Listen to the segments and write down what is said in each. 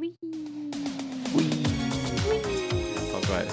喂，喂、哦，喂，好怪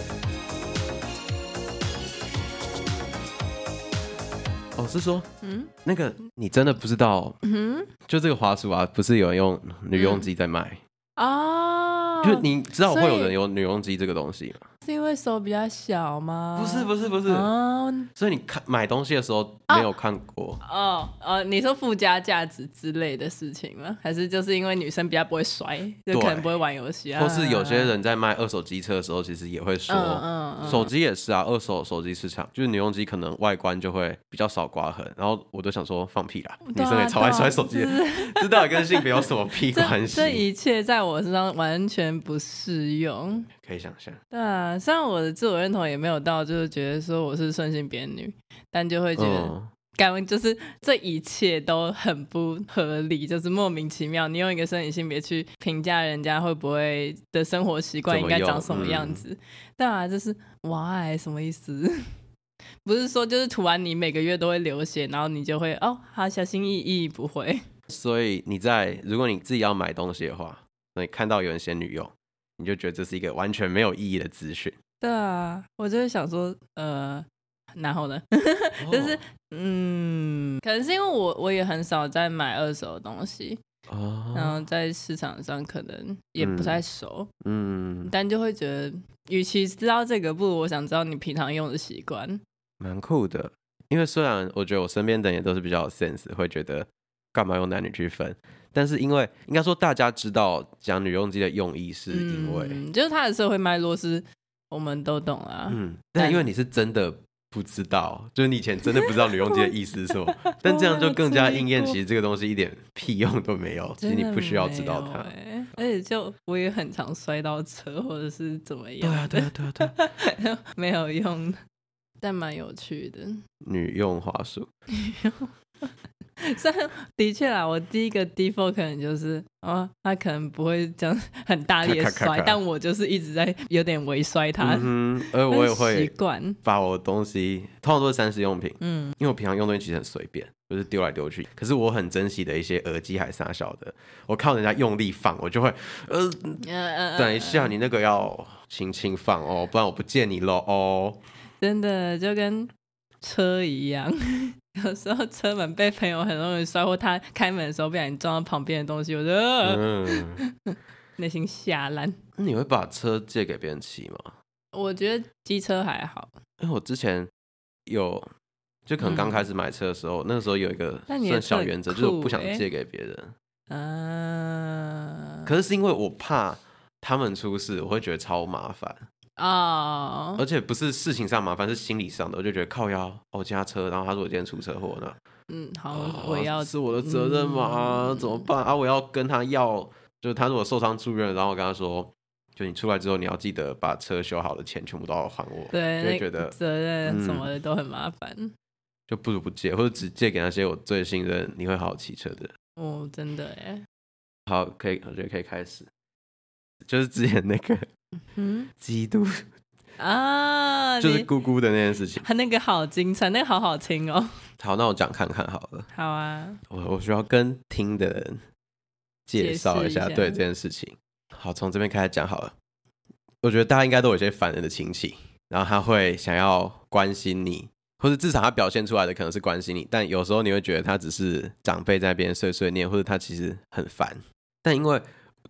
哦。我是說，嗯，那個，你真的不知道，嗯，就這個滑鼠啊，不是有人用女用機在賣啊？嗯 oh, 就你知道會有人用女用機這個東西嗎？是因為手比較小嗎？不是不是不是，oh, 所以你看買東西的時候沒有看過。哦哦，你說附加價值之類的事情嗎？還是就是因為女生比較不會摔，就可能不會玩遊戲啊？或是有些人在賣二手機車的時候，其實也會說，嗯、oh, oh,，oh. 手機也是啊，二手手機市場就是女用機，可能外觀就會比較少刮痕。然後我都想說放屁啦，啊、女生也超愛摔手機， 知道跟性別有什麼屁關係？ 這一切在我身上完全不適用。可以想象，對啊，雖然我的自我認同也沒有到，就是覺得說我是順性別女，但就會覺得，嗯、感覺就是這一切都很不合理，就是莫名其妙。你用一個生理性別去評價人家會不會的生活習慣，應該長什麼樣子麼、嗯？對啊，就是 why 什麼意思？不是說就是塗完你每個月都會流血，然後你就會哦，好小心翼翼，翼，不會。所以你在如果你自己要買東西的話，你看到有人仙女用，你就覺得這是一個完全沒有意義的資訊。對啊，我就是想說，呃，然後呢， 就是、哦、嗯，可能是因為我我也很少在買二手的東西、哦，然後在市場上可能也不太熟，嗯，嗯，但就會覺得，與其知道這個，不如我想知道你平常用的習慣。蠻酷的，因為雖然我覺得我身邊的人也都是比較有 sense，會覺得。幹嘛用男女去分？但是因為應該說大家知道講女用機的用意是、嗯、因為，就是她的社會脈絡是我們都懂了啊。嗯，但因為你是真的不知道，就是你以前真的不知道女用機的意思是嗎？ 但這樣就更加應驗，其實這個東西一點屁用都沒有。 其實你不需要知道它，欸。而且就我也很常摔到車或者是怎麼樣。對啊，對啊，對啊，對，啊， 沒有用，但蠻有趣的。女用滑鼠。 是的確啦，我第一個 default 可能就是，哦，他可能不會這樣很大力的摔，但我就是一直在有點微摔他。嗯，而我也會把我的東西，通常都是三 C 用品，嗯，因為我平常用東西其實很隨便，就是丟來丟去。可是我很珍惜的一些耳機還是啥小的，我靠人家用力放，我就會，呃，等一下，你那個要輕輕放哦，不然我不借你了哦。真的就跟車一樣，有時候車門被朋友很容易摔，或他開門的時候不小心撞到旁邊的東西，我覺得內心嚇爛。那你會把車借給別人騎嗎？我覺得機車還好，因為我之前有，就可能剛開始買車的時候，嗯、那時候有一個算小原則、欸，就是我不想借給別人、嗯。可是是因為我怕他們出事，我會覺得超麻煩。啊、oh！而且不是事情上麻煩，是心理上的。我就覺得靠腰哦，加車，然後他說我今天出車禍了。嗯，好，哦，我要是我的責任嘛，嗯，怎麼辦啊？我要跟他要，就是他如果受傷住院，然後我跟他說，就你出來之後你要記得把車修好的錢全部都要還我。對，就覺得責任什麼的都很麻煩，嗯，就不如不借，或者只借給那些我最信任、你會好好騎車的。哦、oh，真的耶。好，可以，我覺得可以開始，就是之前那個。 嗯，基督 啊，就是姑姑的那件事情。他那個好精彩，那個好好聽哦。好，那我講看看好了。好啊，我我需要跟聽的人介紹一下，對這件事情。好，從這邊開始講好了。我覺得大家應該都有些煩人的親戚，然後他會想要關心你，或者至少他表現出來的可能是關心你，但有時候你會覺得他只是長輩在那邊碎碎念，或者他其實很煩。但因為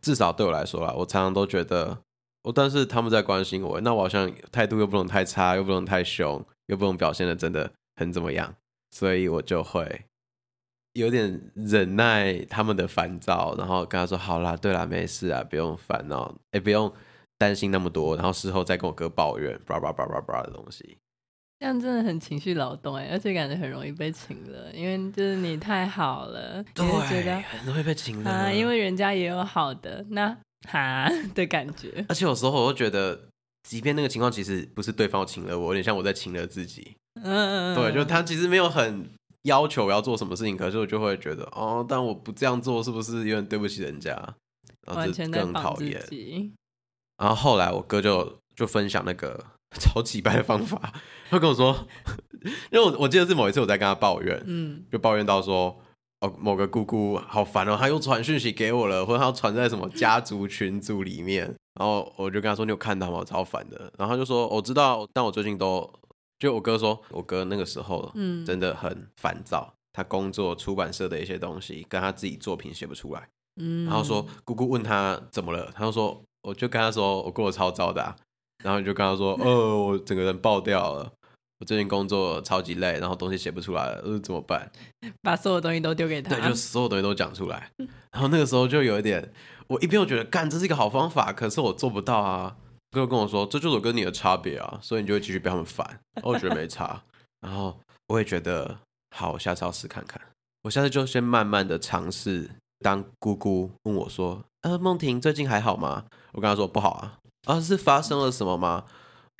至少對我來說啦，我常常都覺得。我但是他們在關心我，那我好像態度又不能太差，又不能太兇，又不能表現得真的很怎麼樣，所以我就會有點忍耐他們的煩躁，然後跟他說好啦，對啦，沒事啊，不用煩惱，也、欸、不用擔心那麼多，然後事後再跟我哥抱怨，叭叭叭叭叭的東西，這樣真的很情緒勞動哎，而且感覺很容易被請了，因為就是你太好了， 你會覺得很容易被請了，啊，因為人家也有好的那。哈的感覺，而且有時候我都覺得，即便那個情況其實不是對方情勒我，有點像我在情勒自己。嗯，嗯，嗯，嗯，對，就他其實沒有很要求我要做什麼事情，可是我就會覺得，哦，但我不這樣做是不是有點對不起人家？然後就更討厭。完全在綁自己。然後後來我哥就就分享那個超奇怪的方法， 他跟我說，因為我我記得是某一次我在跟他抱怨，嗯，就抱怨到說，哦，某個姑姑好煩哦，她又傳訊息給我了，或者她傳在什麼家族群組裡面， 然後我就跟她說：“你有看到嗎？超煩的。”然後她就說：“我知道，但我最近都……就我哥說，我哥那個時候嗯真的很煩躁，他工作出版社的一些東西，跟他自己作品寫不出來， 然後說姑姑問他怎麼了，他就說我就跟他說我過得超糟的啊，然後就跟他說 哦我整個人爆掉了。”我最近工作超級累，然後東西寫不出來了，呃，怎麼辦？把所有東西都丟給他。對，就所有東西都講出來。 然後那個時候就有一點，我一邊又覺得，幹，這是一個好方法，可是我做不到啊。哥跟我說，這就是我跟你的差別啊，所以你就會繼續被他們煩。 然後我覺得沒差。然後我也覺得，好，我下次要試看看。我下次就先慢慢的嘗試當姑姑，問我說，呃，夢婷最近還好嗎？我跟她說不好啊，啊，是發生了什麼嗎？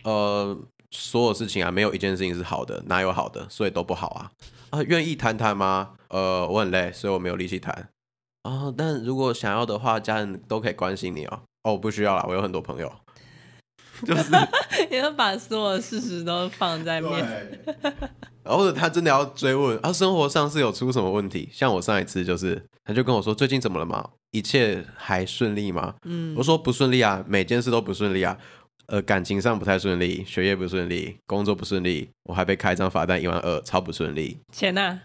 呃。所有事情啊，沒有一件事情是好的，哪有好的，所以都不好啊啊、呃！願意談談嗎？呃，我很累，所以我沒有力氣談啊、哦。但如果想要的話，家人都可以關心你哦、啊。哦，不需要啦，我有很多朋友，就是也 要把所有事實都放在面前，然 後他真的要追問啊，生活上是有出什麼問題？像我上一次就是，他就跟我說最近怎麼了嗎？一切還順利嗎？嗯，我說不順利啊，每件事都不順利啊。呃，感情上不太順利，學業不順利，工作不順利，我還被開一張罰單一萬二，超不順利。錢呢、啊？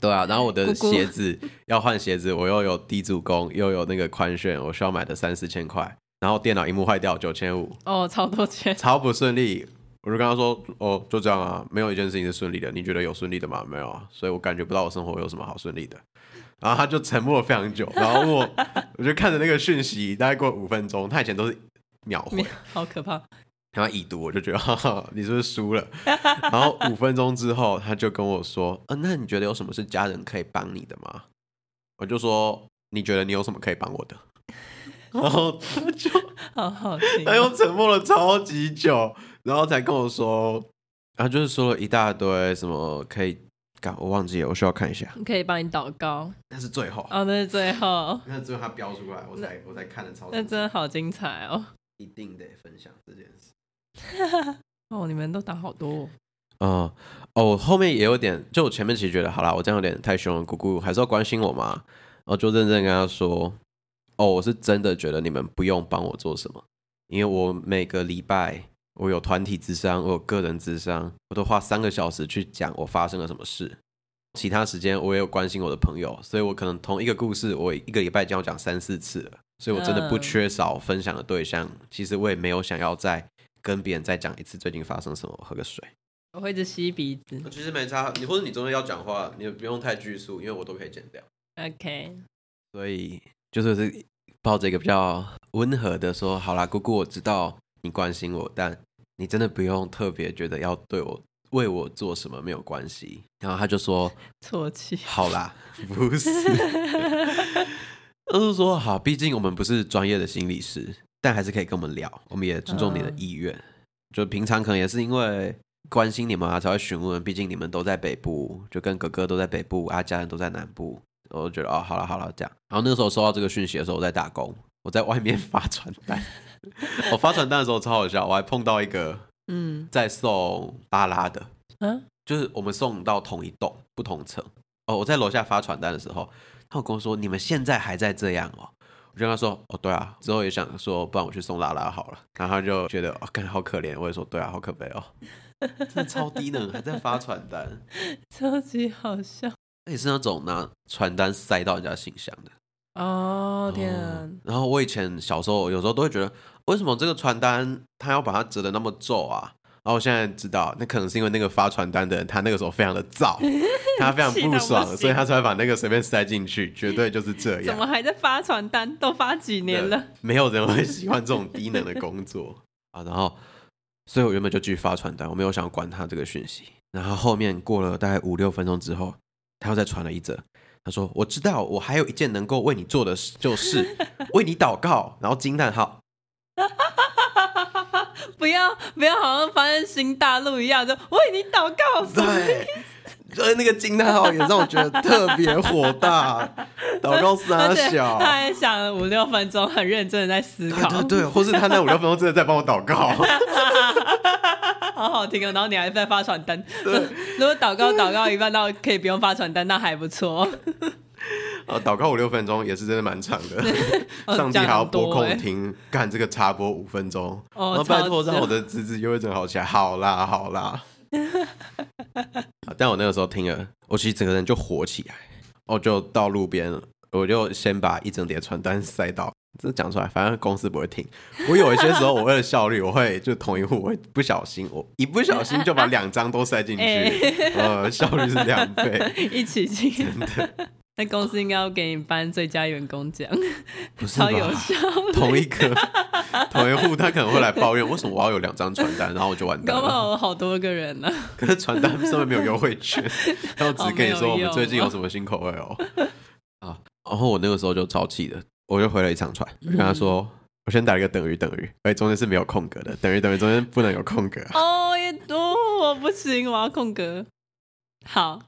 對啊，然後我的鞋子咕咕要換鞋子，我又有低足弓，又有那個寬楦，我需要買的三四千塊。然後電腦螢幕壞掉九千五，哦，超多錢，超不順利。我就跟他說，哦，就這樣啊，沒有一件事情是順利的。你覺得有順利的嗎？沒有啊，所以我感覺不到我生活有什麼好順利的。然後他就沉默了非常久，然後我 我就看着那個訊息，大概過五分鐘，他以前都是。秒回，好可怕！然後他已讀，我就覺得，哈哈，你是不是輸了？ 然後五分鐘之後，他就跟我說：“嗯、啊，那你覺得有什麼是家人可以幫你的嗎？”我就說：“你覺得你有什麼可以幫我的？” 然後他就，好好聽哦，他又沉默了超級久，然後才跟我說：“他就是說了一大堆，什麼可以……搞。我忘記了，我需要看一下。”“你可以幫你禱告。”那是最後哦，那是最後，那最後他標出來，我才我才看了超級，那真的好精彩哦。一定得分享這件事。 哦，你們都打好多哦。哦、uh, oh,，後面也有點，就我前面其實覺得，好啦，我這樣有點太凶了。姑姑還是要關心我嘛，然後就認真跟她說，哦、oh,，我是真的覺得你們不用幫我做什麼，因為我每個禮拜我有團體諮商，我有個人諮商，我都花三個小時去講我發生了什麼事。其他時間我也有關心我的朋友，所以我可能同一個故事，我一個禮拜就要講三四次了。所以我真的不缺少分享的對象、嗯，其實我也沒有想要再跟別人再講一次最近發生什麼。我喝個水，我會一直吸鼻子。其實沒差，你或者你中間要講話，你不用太拘束，因為我都可以剪掉。OK，所以就是是抱着一個比較溫和的說，好啦，姑姑，我知道你關心我，但你真的不用特別覺得要對我為我做什麼沒有關係。然後他就說，錯氣，好啦，不是。 就是說，好，畢竟我們不是專業的心理師，但還是可以跟我們聊。我們也尊重你的意願、嗯。就平常可能也是因為關心你們啊，才會詢問。畢竟你們都在北部，就跟哥哥都在北部，啊，家人都在南部，我就覺得哦，好了好了這樣。然後那時候收到這個訊息的時候，我在打工，我在外面發傳單。 我發傳單的時候超好笑，我還碰到一個嗯，在送拉拉的，嗯，就是我們送到同一棟不同層。哦、嗯，我在樓下發傳單的時候。他跟我說：“你們現在還在這樣哦。”我就跟他說：“哦，對啊。”之後也想說：“不然我去送拉拉好了。”然後他就覺得：“哦，感覺好可憐。”我也說：“對啊，好可悲哦。”真的超低能， 還在發傳單，超級好笑。也是那種拿傳單塞到人家信箱的。Oh, yeah. 哦天！然後我以前小時候有時候都會覺得，為什麼這個傳單他要把它折的那麼皺啊？然後我現在知道，那可能是因為那個發傳單的人，他那個時候非常的燥，他非常不爽，不所以他才把那個隨便塞進去，絕對就是這樣。怎麼還在發傳單？都發幾年了？沒有人會喜歡這種低能的工作 啊！然後，所以我原本就繼續發傳單，我沒有想管他這個訊息。然後後面過了大概五六分鐘之後，他又再傳了一則，他說：“我知道，我還有一件能夠為你做的事，就是為你禱告。 ”然後驚嘆號。 不要不要，好像發現新大陸一樣，就為你禱告。對，所 以那個驚嘆號也讓我覺得特別火大。 禱告三小，他還想了五六分鐘，很認真的在思考。對對對，或是他在五六分鐘真的在幫我禱告， 好好聽啊、哦。然後你還在發傳單。對，如果禱告禱告一半，那我可以不用發傳單，那還不錯。啊，禱告五六分鐘也是真的蠻長的， 上帝還要撥空聽幹這個插播五分鐘，哦、然後拜託讓我的侄子又會好起來。好啦好啦。 但我那個時候聽了，我其實整個人就火起來，我就到路邊，我就先把一整疊傳單塞到，真的講出來，反正公司不會聽。我有一些時候，我為了效率，我會就同一戶，會不小心，我一不小心就把兩張都塞進去，呃、 嗯，效率是兩倍， 一起進，真的。那公司應該要給你頒最佳員工獎， 不是吧，好有效。同一個 同一戶，他可能會來抱怨，為什麼我要有兩張傳單，然後我就完蛋了？剛，剛好有好多個人呢、啊。可是傳單上面沒有優惠券，他 只跟你說我們最近有什麼新口味哦。啊， 然後我那個時候就超氣的，我就回了一長串，我跟他說、嗯，我先打一個等於等於，哎，中間是沒有空格的，等於等於中間不能有空格、啊。哦也不，我不行，我要空格。好。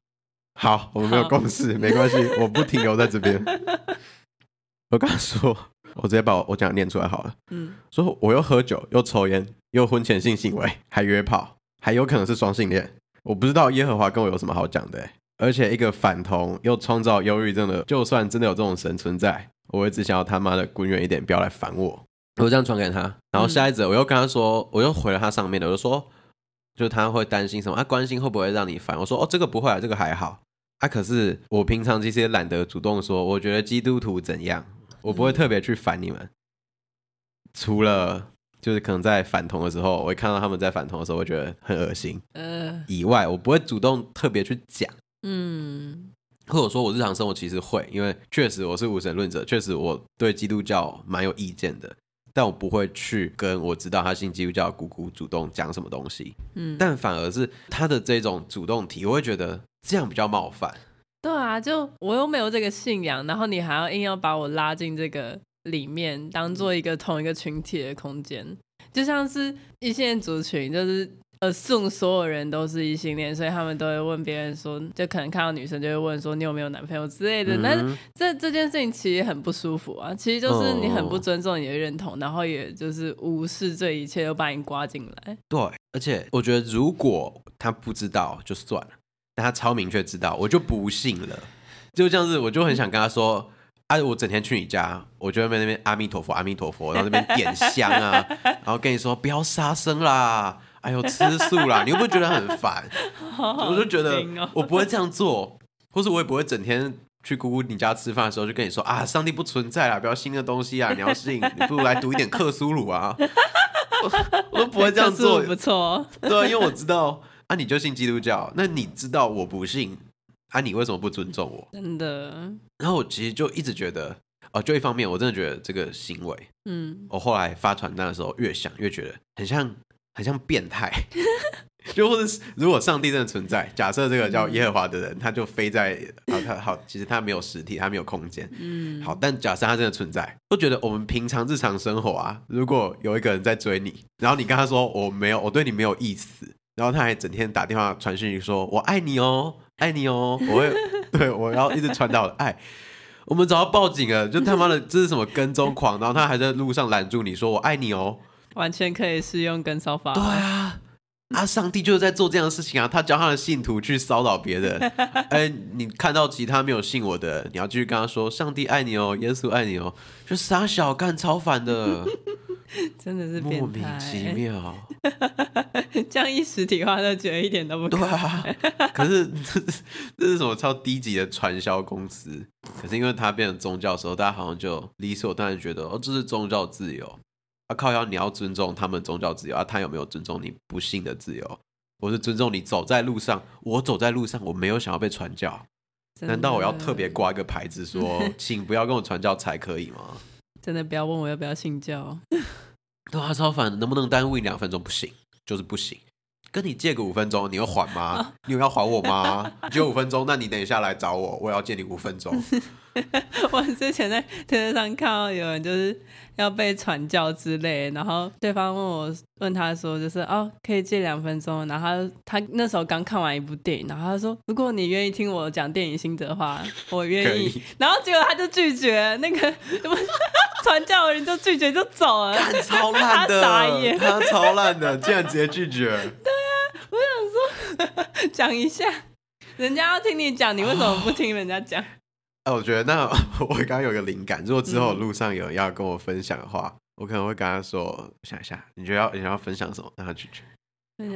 好，我們沒有共識，沒關係，我不停留在這邊。 我剛說，我直接把我我講念出來好了。嗯，說我又喝酒，又抽煙，又婚前性行為，還約炮，還有可能是雙性戀。我不知道耶和華跟我有什麼好講的、欸，而且一個反同又創造憂鬱症的，就算真的有這種神存在，我也只想要他媽的滾遠一點，不要來煩我。我這樣傳給他，然後下一次我又跟他說、嗯，我又回了他上面的，我就說，就是、他會擔心什麼？他、啊、關心會不會讓你煩？我說，哦，這個不會啊，這個還好。啊，可是我平常其實也懶得主動說，我覺得基督徒怎樣，我不會特別去煩你們，嗯。除了就是可能在反同的時候，我會看到他們在反同的時候，我覺得很噁心，呃，以外，我不會主動特別去講。嗯，或者說，我日常生活其實會，因為確實我是無神論者，確實我對基督教蠻有意見的。但我不會去跟我知道他信基督教的姑姑主動講什麼東西，嗯，但反而是他的這種主動提，我會覺得這樣比較冒犯。對啊，就我又沒有這個信仰，然後你還要硬要把我拉進這個裡面，當做一個同一個群體的空間，就像是一線族群，就是。呃，送所有人都是異性戀，所以他們都會問別人說，就可能看到女生就會問說，你有沒有男朋友之類的。嗯、但是這這件事情其實很不舒服啊，其實就是你很不尊重你的認同，哦、然後也就是無視這一切，又把你刮進來。對，而且我覺得如果他不知道就算了，但他超明確知道，我就不信了。就這樣子，我就很想跟他說，哎、嗯啊，我整天去你家，我就會在那邊阿彌陀佛，阿彌陀佛，然後那邊點香啊， 然後跟你說不要殺生啦。哎呦，吃素啦， 你又不會覺得很煩、喔？我就覺得我不會這樣做，或是我也不會整天去姑姑你家吃飯的時候就跟你說啊，上帝不存在啊，不要新的東西啊，你要信， 你不如來讀一點克蘇魯啊 我，我都不會這樣做，不錯， 對啊，因為我知道啊，你就信基督教，那你知道我不信啊，你為什麼不尊重我？真的。然後我其實就一直覺得，哦，就一方面，我真的覺得這個行為，嗯，我後來发傳單的時候越想越覺得很像。很像變態 就或是如果上帝真的存在，假設這個叫耶和華的人，他就飛在啊，他好，其實他沒有實體，他沒有空間，嗯，好，但假設他真的存在，都覺得我們平常日常生活啊，如果有一個人在追你，然後你跟他說我沒有，我對你沒有意思，然後他還整天打電話傳訊息說，我愛你哦，愛你哦，我會對我然後一直傳到愛，我們早要報警啊，就他媽的這是什麼跟蹤狂，然後他還在路上攔住你說我愛你哦。完全可以適用跟騷法。對啊，那、啊、上帝就是在做這樣的事情啊，他教他的信徒去騷擾別人。哎， 你看到其他沒有信我的，你要繼續跟他說，上帝愛你哦，耶穌愛你哦，就傻小幹超煩的， 真的是莫名其妙，這樣 一實體化的覺得一點都不對啊。可是這是，這是什麼超低級的傳銷公司？可是因為它變成宗教的時候，大家好像就理所當然覺得哦，這是宗教自由。要、啊、靠要，你要尊重他們宗教自由啊！他有沒有尊重你不信的自由？我是尊重你走在路上，我走在路上，我沒有想要被傳教，難道我要特別掛一個牌子說， 請不要跟我傳教才可以嗎？真的不要問我要不要信教，對 超煩。能不能耽誤你兩分鐘？不行，就是不行。跟你借個五分鐘，你要還嗎？ 你有要還我嗎？借五分鐘，那你等一下來找我，我要借你五分鐘。 我之前在推特上看到有人就是要被傳教之類，然後對方問我，問他說就是哦，可以借兩分鐘，然後他他那時候剛看完一部電影，然後他說如果你願意聽我講電影心得的話，我願意，然後結果他就拒絕，那個什麼傳 教的人就拒絕就走了，超爛的 他傻眼，他超爛的，竟然直接拒絕。 對啊，我想說講一下，人家要聽你講，你為什麼不聽人家講？哦我覺得那我剛剛有一個靈感，如果之後路上有人要跟我分享的話，嗯、我可能會跟他說，想一下，你覺得要你覺得要分享什麼？讓他拒絕。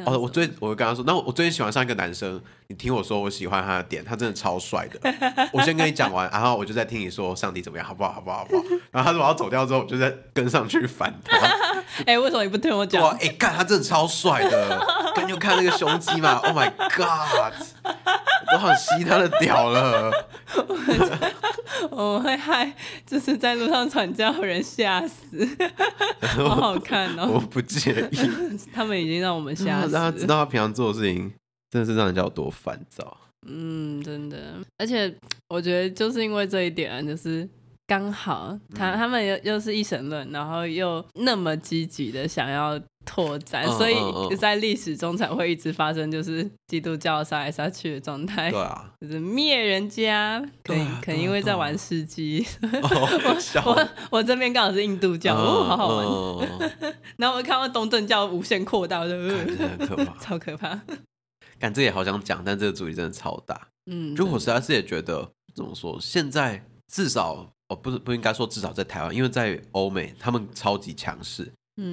哦，oh, 我最，我會跟他說，那我最近喜歡上一個男生，你聽我說，我喜歡他的點，他真的超帥的。 我先跟你講完，然後我就再聽你說上帝怎麼樣，好不好？好不好？好不好？然後他說我要走掉之後，我就再跟上去反他。哎、 欸，為什麼你不聽我講？哎、啊，看、欸、他真的超帥的， 跟又看那個胸肌嘛。 oh my god！我好吸他的屌了 我，在家笑我會害，就是在路上傳教人嚇死 好好看哦， 我不介意。 他們已經讓我們嚇死了、 嗯，讓他知道他平常做的事情真的是讓人家有多煩躁。嗯，真的，而且我覺得就是因為這一點啊，就是剛好他、嗯、他他們又又是一神論，然後又那麼積極的想要。拓展，嗯，所以在歷史中才會一直發生，就是基督教殺來殺去的狀態。對啊，就是滅人家，肯、啊、可定、啊、因為在玩世紀、啊啊。 我我這邊剛好是印度教，嗯、哦，好好玩。嗯嗯、 然後我看到東正教無限擴大，對不對？真的很可怕， 超可怕。感這個、也好想講，但這個主題真的超大。嗯，就我實在是也覺得，怎麼說，現在至少哦，不是不應該說至少在台灣，因為在歐美他們超級強勢。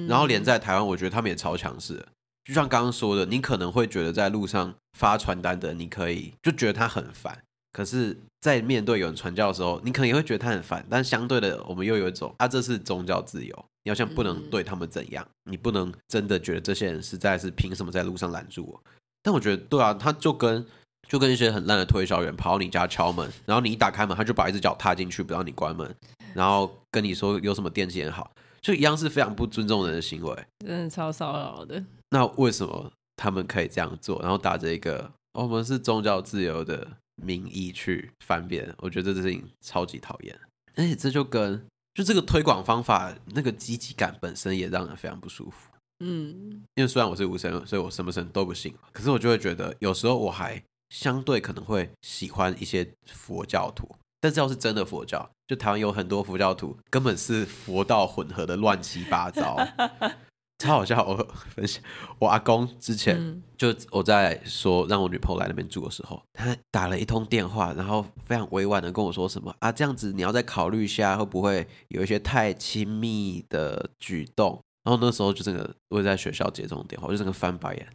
然後連在台灣，我覺得他們也超強勢。就像剛剛說的，你可能會覺得在路上發傳單的，你可以就覺得他很煩。可是，在面對有人傳教的時候，你可能也會覺得他很煩，但相對的，我們又有一種，啊，這是宗教自由，你好像不能對他們怎樣，你不能真的覺得這些人實在是憑什麼在路上攔住我。但我覺得，對啊，他就跟就跟一些很爛的推銷員跑到你家敲門，然後你一打開門，他就把一隻腳踏進去，不讓你關門，然後跟你說有什麼電器也好。就一樣是非常不尊重人的行為，真的超騷擾的。那為什麼他們可以這樣做？然後打着一個、哦“我們是宗教自由”的名義去翻邊，我覺得這件事情超級討厭。而、欸、且這就跟就這個推廣方法，那個積極感本身也讓人非常不舒服。嗯，因為雖然我是無神論，所以我什麼神都不信，可是我就會覺得有時候我還相對可能會喜歡一些佛教徒，但是要是真的佛教。就台灣有很多佛教徒，根本是佛道混合的亂七八糟。 超好笑！我分享，我阿公之前、嗯、就我在說讓我女朋友來那邊住的時候，他打了一通電話，然後非常委婉的跟我說什麼啊，這樣子你要再考慮一下，會不會有一些太親密的舉動？然後那時候就真的我在學校接這種電話，我就整個翻白眼，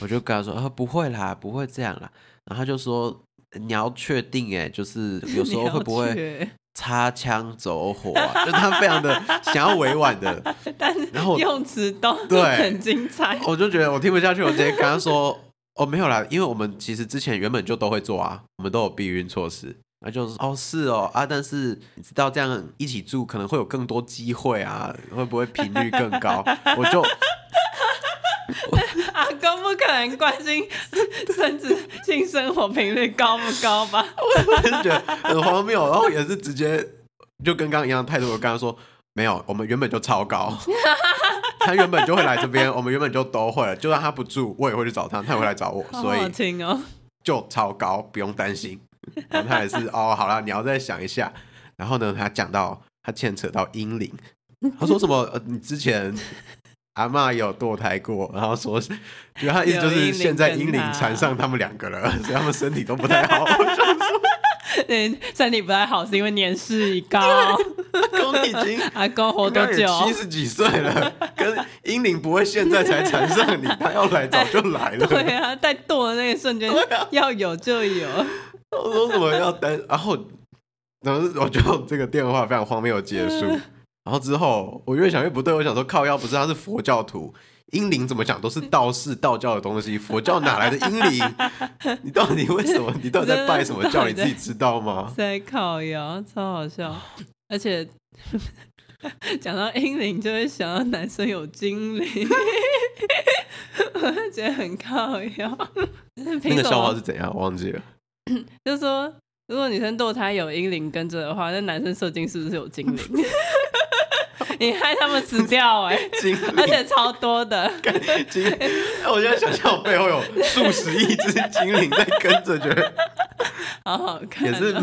我就跟他說啊，不會啦，不會這樣啦。然後他就說你要確定耶，就是有時候會不會？擦槍走火、啊， 就是他非常的想要委婉的，但是然後用詞都很精彩，對，我就覺得我聽不下去，我直接跟他說：“ 哦，沒有啦，因為我們其實之前原本就都會做啊，我們都有避孕措施，那就是哦，是哦啊，但是你知道這樣一起住可能會有更多機會啊，會不會頻率更高？” 我就。 阿公不可能關心生殖性生活頻率高不高吧？我我是覺得很荒謬，然後也是直接就跟剛剛一樣態度，我剛剛說沒有，我們原本就超高， 他原本就會來這邊，我們原本就都會了，就算他不住，我也會去找他，他也會來找我好好，哦，所以就超高，不用擔心。然後他也是哦，好了，你要再想一下。然後呢，他講到他牽扯到英靈，他說什麼？呃，你之前。阿媽有墮胎過，然後說，就他意思就是現在嬰靈纏上他們兩個了，所以他們身體都不太好。 我說，那身體不太好是因為年事已高，阿公已經阿公活多久？七十幾歲了，可是嬰靈不會現在才纏上你， 他要來早就來了。對啊，在墮的那一瞬間，啊、要有就有。我說什麼要等，然後，然後我就這個電話非常荒謬的結束。嗯然後之後，我越想越不對。我想說，靠腰不是他是佛教徒，嬰靈怎麼講都是道士道教的東西， 佛教哪來的嬰靈？你到底為什麼？你到底在拜什麼教？ 你自己知道嗎？在靠腰，超好笑。而且講 到嬰靈，就會想到男生有精靈， 我就覺得很靠腰。那個笑話是怎樣？我忘記了。 就是說，如果女生墮胎有嬰靈跟着的話，那男生射精是不是有精靈？ 你害他們死掉哎、欸！ 而且超多的 精，我現在想象，我背後有數十億只精靈在跟着，覺得好好看，也是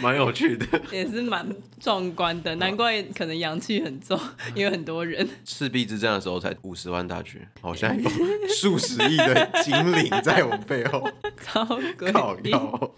蠻有趣的，也是蠻壯觀的。難怪可能陽氣很重，因為很多人。赤壁之戰的時候才五十萬大軍，好像在有數十億的精靈在我背後，超高、喔，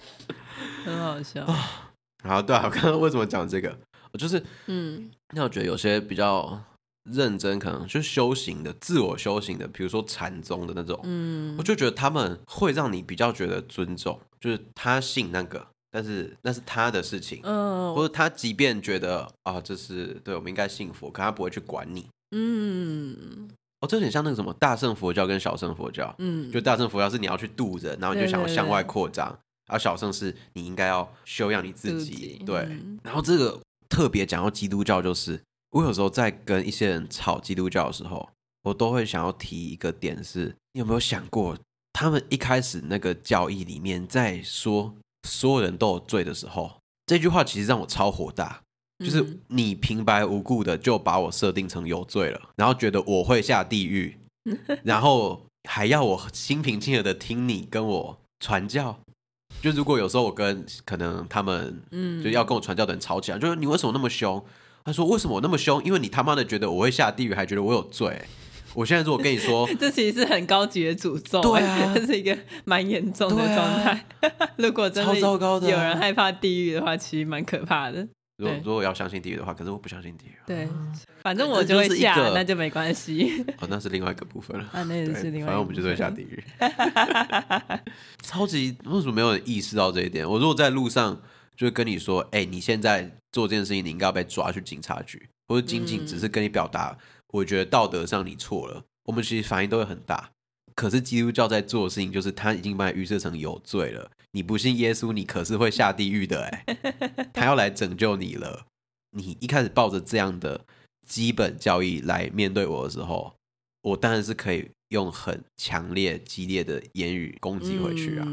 很好笑啊！好，對啊，我剛剛為什麼講這個？我就是嗯。那我覺得有些比較認真，可能就是修行的、自我修行的，比如說禪宗的那種。嗯，我就覺得他們會讓你比較覺得尊重，就是他信那個，但是那是他的事情。嗯、哦，或者他即便覺得啊，這是對我們應該信佛，可他不會去管你。嗯，哦，這有點像那個什麼大乘佛教跟小乘佛教。嗯，就大乘佛教是你要去度人，然後你就想要向外擴張；而小乘是你應該要修養你自己。自己對、嗯，然後這個。特別講到基督教，就是我有時候在跟一些人吵基督教的時候，我都會想要提一個點：是，你有沒有想過，他們一開始那個教義裡面，在說所有人都有罪的時候，這句話其實讓我超火大。就是你平白無故的就把我設定成有罪了，然後覺得我會下地獄，然後還要我心平氣和的聽你跟我傳教。就如果有時候我跟可能他們，嗯，就要跟我傳教的人吵起來，嗯、就是你為什麼那麼兇？他說為什麼我那麼兇？因為你他媽的覺得我會下地獄，還覺得我有罪，欸。我現在如果跟你說， 這其實是很高級的詛咒，對這、啊、 是一個蠻嚴重的狀態。啊、 如果真的超糟糕，有人害怕地獄的話，的其實蠻可怕的。如果我要相信地獄的話，可是我不相信地獄。對、啊，反正我就會下，那就沒關係。哦，那是另外一個部分了、啊。那也是另外一個。反正我們就會下地獄。 超級，為什麼沒有人意識到這一點？我如果在路上就會跟你說：“哎、欸，你現在做這件事情，你應該要被抓去警察局。”或者僅僅只是跟你表達、嗯，我覺得道德上你錯了，我們其實反應都會很大。可是基督教在做的事情，就是他已經把你預設成有罪了。你不信耶穌，你可是會下地獄的哎。他要來拯救你了。你一開始抱着這樣的基本教義來面對我的時候，我當然是可以用很強烈、激烈的言語攻擊回去啊。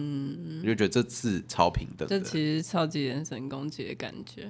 我就覺得這是超平等的、嗯，這其實超級人身攻擊的感覺。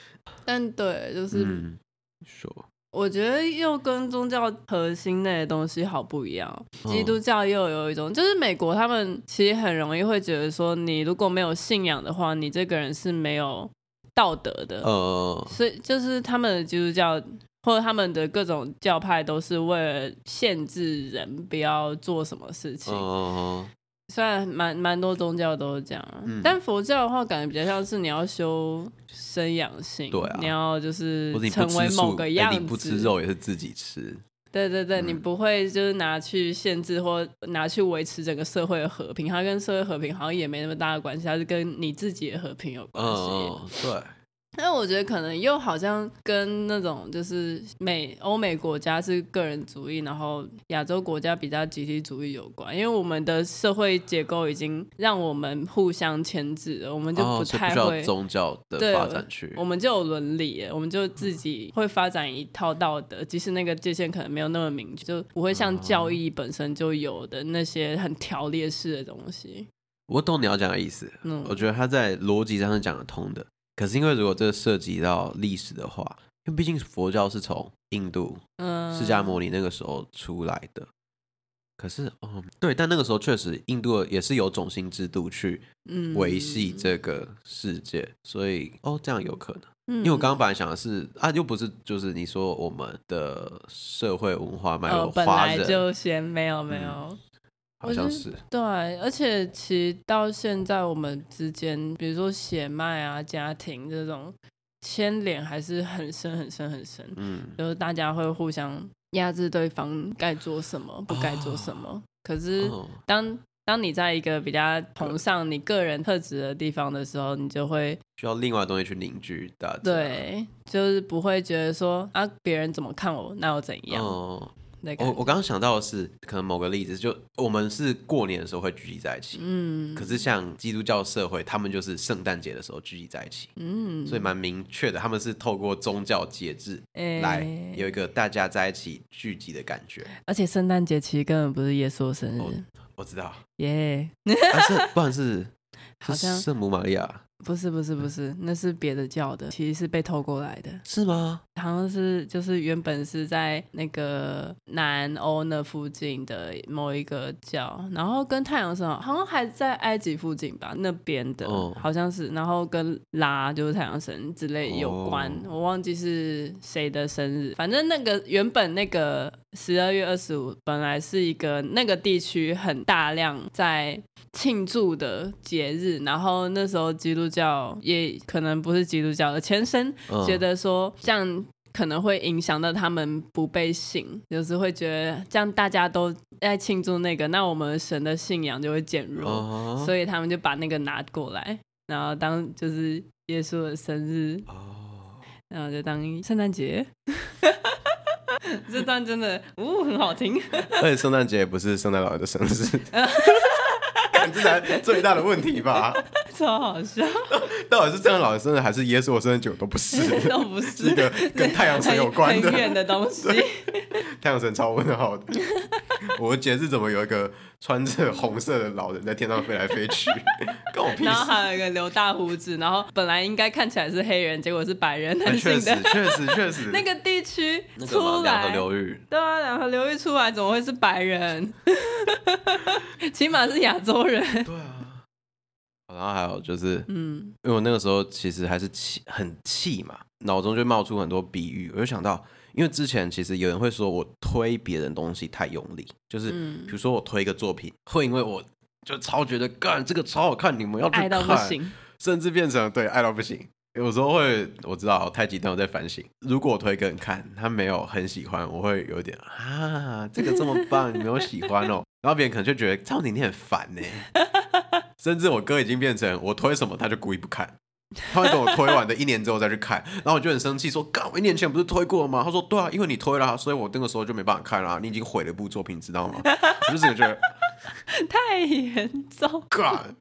但對，就是說，我覺得又跟宗教核心那些東西好不一樣。基督教又有一種、哦，就是美國他們其實很容易會覺得說，你如果沒有信仰的話，你這個人是沒有道德的。哦，所以就是他們的基督教，或者他們的各種教派都是為了限制人不要做什麼事情。哦。雖然蠻蠻多宗教都是這樣、嗯，但佛教的話，感覺比較像是你要修身養性對、啊，你要就是成為某個樣子你、欸。你不吃肉也是自己吃。對對對，嗯、你不會就是拿去限制或拿去維持整個社會的和平，它跟社會和平好像也沒那麼大的關係，它是跟你自己的和平有關係。Oh, oh, 對。但我覺得可能又好像跟那種就是美歐美國家是個人主義，然後亞洲國家比較集體主義有關。因為我們的社會結構已經讓我們互相牽制了，我們就不太會、哦，不需要宗教的發展區。我們就有倫理，我們就自己會發展一套道德，嗯、即使那個界限可能沒有那麼明確，就不會像教義本身就有的那些很條列式的東西。我懂你要講的意思、嗯，我覺得他在邏輯上是講得通的。可是因為如果這涉及到歷史的話，因為畢竟佛教是從印度釋迦牟尼那個時候出來的。嗯、可是哦，對，但那個時候確實印度也是有種姓制度去維繫這個世界，嗯、所以哦，這樣有可能、嗯。因為我剛剛本來想的是啊，又不是就是你說我們的社會文化沒有華人，哦、本來就先沒有沒有。沒有嗯好像是我覺得對，而且其實到現在我們之間，比如說血脈啊、家庭這種牽連還是很深、很深、很深。嗯，就是大家會互相壓制對方該做什麼、不該做什麼。哦、可是當、哦、當你在一個比較崇尚你個人特質的地方的時候，你就會需要另外的東西去凝聚大家。對，就是不會覺得說啊，別人怎麼看我，那又怎樣？哦 Oh, 我我剛剛想到的是，可能某個例子，就我們是過年的時候會聚集在一起，嗯，可是像基督教社會，他們就是聖誕節的時候聚集在一起，嗯，所以蠻明確的，他們是透過宗教節制來有一個大家在一起聚集的感覺。而且聖誕節其實根本不是耶穌生日，Oh, 我知道耶，但、yeah. 啊、是不管是好像聖母瑪利亞。不是不是不是，嗯、那是別的教的，其實是被偷過來的，是嗎？好像是就是原本是在那個南歐那附近的某一個教，然後跟太陽神好像還在埃及附近吧那邊的、哦，好像是，然後跟拉就是太陽神之類有關，哦、我忘記是誰的生日，反正那個原本那個十二月二十五本來是一個那個地區很大量在慶祝的節日，然後那時候基督。教也可能不是基督教的前身、哦，覺得說這樣可能會影響到他們不被信，有、就、時、是、會覺得這樣大家都在慶祝那個，那我們神的信仰就會減弱、哦，所以他們就把那個拿過來，然後當就是耶穌的生日、哦、然後就當聖誕節， 這段真的嗚、哦、很好聽。 而且聖誕節也不是聖誕老人的生日。 這才最大的問題吧，超好笑！到底，到底是聖誕老人生日，還是耶穌我生日？就都不是， 都不是， 是一個跟太陽神有關的遠的東西。 太陽神超問號的， 我覺得是怎麼有一個。穿着紅色的老人在天上飛來飛去， 然後還有一個留大鬍子，然後本來應該看起來是黑人，結果是白人。確實，確 實，確實，那個地區出來兩個流域，對啊，兩河流域出來怎麼會是白人？ 起碼是亞洲人。對啊，然後還有就是，嗯，因為我那個時候其實還是氣，很氣嘛，腦中就冒出很多比喻，我就想到。因為之前其實有人會說我推別人東西太用力，就是比如說我推一個作品，嗯、會因為我就超覺得幹這個超好看，你們要看，愛到不行，甚至變成對愛到不行。有時候會我知道我太極端，我在反省。如果我推給人看，他沒有很喜歡，我會有點啊，這個這麼棒， 你沒有喜歡哦。然後別人可能就覺得趙婷婷很煩呢， 甚至我哥已經變成我推什麼他就故意不看。 他會等我推完的一年之後再去看，然後我就很生氣，說：“幹我一年前不是推過了嗎？”他說：“對啊，因為你推了所以我那個時候就沒辦法看了，你已經毀了一部作品，知道嗎？”我就覺得太嚴重了，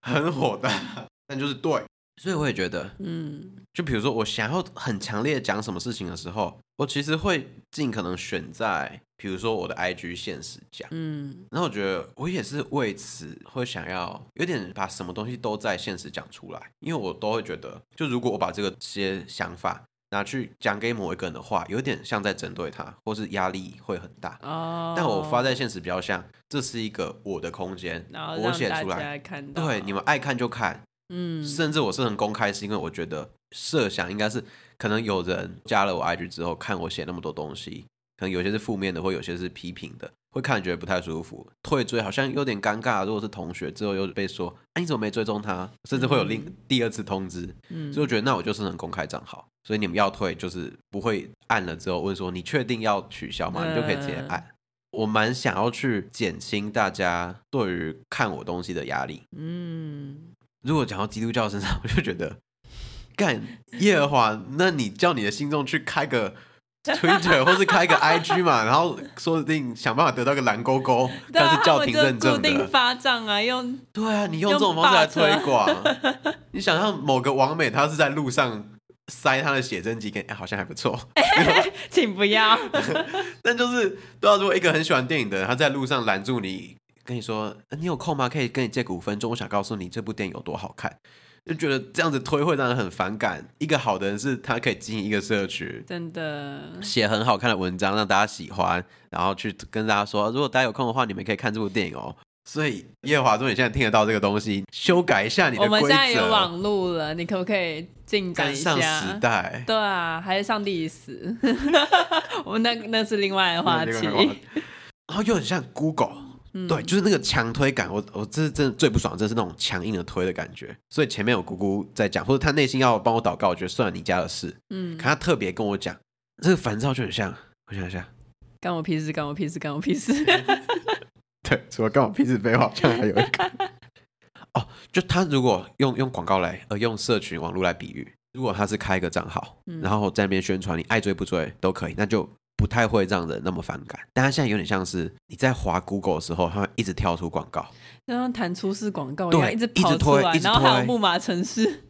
很火的，但就是對，所以我也覺得，嗯，就比如說我想要很強烈講什麼事情的時候，我其實會盡可能選在。比如說我的 IG 限時講，嗯，然後我覺得我也是為此會想要有點把什麼東西都在限時講出來，因為我都會覺得，就如果我把這個這些想法拿去講給某一個人的話，有點像在針對他，或是壓力會很大。哦，但我發在限時比較像，這是一個我的空間，我寫出來，對，你們愛看就看，嗯，甚至我是很公開，是因為我覺得設想應該是可能有人加了我 IG 之後看我寫那麼多東西。可能有些是負面的，或有些是批評的，會看覺得不太舒服。退追好像有點尷尬，如果是同學之後又被說，啊、你怎麼沒追蹤他？甚至會有另、嗯、第二次通知。嗯，所以我覺得那我就是能公開賬號，所以你們要退就是不會按了之後問說你確定要取消嗎？你就可以直接按。呃、我蠻想要去減輕大家對於看我東西的壓力。嗯，如果講到基督教的身上，我就覺得，幹耶和華，那你叫你的信眾去開個。 Twitter 或是開個 I G 嘛，然後說不定想辦法得到個藍勾勾，但是叫停認證的。對啊，你用這種方式來推廣，你想象某個網美，她是在路上塞她的寫真集給你，好像還不錯 。對吧笑請不要 。 但就是，都要如果一個很喜歡電影的人，他在路上攔住你，跟你說：“你有空嗎？可以跟你借個五分鐘，我想告訴你這部電影有多好看。”就覺得這樣子推會讓人很反感。一個好的人是他可以經營一個社群，真的寫很好看的文章讓大家喜歡，然後去跟大家說，如果大家有空的話，你們可以看這部電影哦。所以耶和華，你現在聽得到這個東西，修改一下你的規則。我們現在有網路了，你可不可以進展一下時代？對啊，還是上帝已死。 我們那那是另外的話題，然後又很像 Google。嗯、對，就是那個強推感，我我這是真的最不爽，這是那種強硬的推的感覺。所以前面有姑姑在講，或者她內心要幫我禱告，我覺得算了，你家的事。嗯，可她特別跟我講，這個煩躁就很像，我想一下，干我屁事，干我屁事，干我屁事。 對，除了干我屁事話，最好像還有一個 哦，就她如果用用廣告來呃，而用社群網絡來比喻，如果她是開一個賬號、嗯，然後在那邊宣傳，你愛追不追都可以，那就，不太會這樣子那麼反感，但他現在有點像是你在滑 Google 的時候，它一直跳出廣告，讓它彈出式廣告，對，一直一直推，然後還有木馬程式。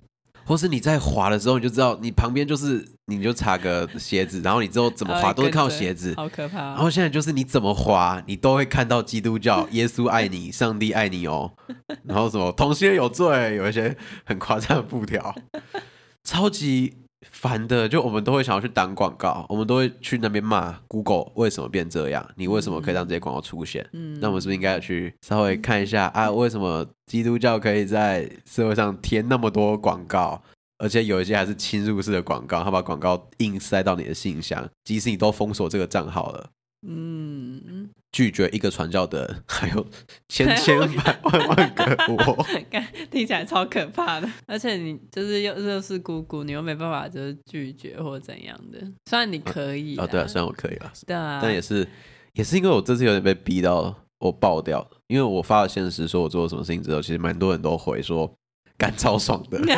或是你在滑的時候，你就知道你旁邊就是，你就查個鞋子，然後你之後怎麼滑都會看到鞋子，好可怕、喔。然後現在就是你怎麼滑，你都會看到基督教，耶穌愛你， 上帝愛你哦、喔，然後什麼同性有罪，有一些很誇張的布條，超級。煩的，就我們都會想要去擋廣告，我們都會去那邊罵 Google 為什麼變這樣？你為什麼可以讓這些廣告出現？嗯，那我們是不是應該要去稍微看一下、嗯、啊？為什麼基督教可以在社會上貼那麼多廣告，而且有一些還是侵入式的廣告，他把廣告硬塞到你的信箱，即使你都封鎖這個賬號了？嗯。拒絕一個傳教的，還有千千萬萬個我， 聽起來超可怕的。而且你就是又又是姑姑，你又沒辦法就是拒絕或怎樣的。雖然你可以啊，啊，對啊，雖然我可以啊，對啊，但也是也是因為我這次有點被逼到我爆掉，因為我發了限時說我做了什麼事情之後，其實蠻多人都回說。幹超爽的， 就是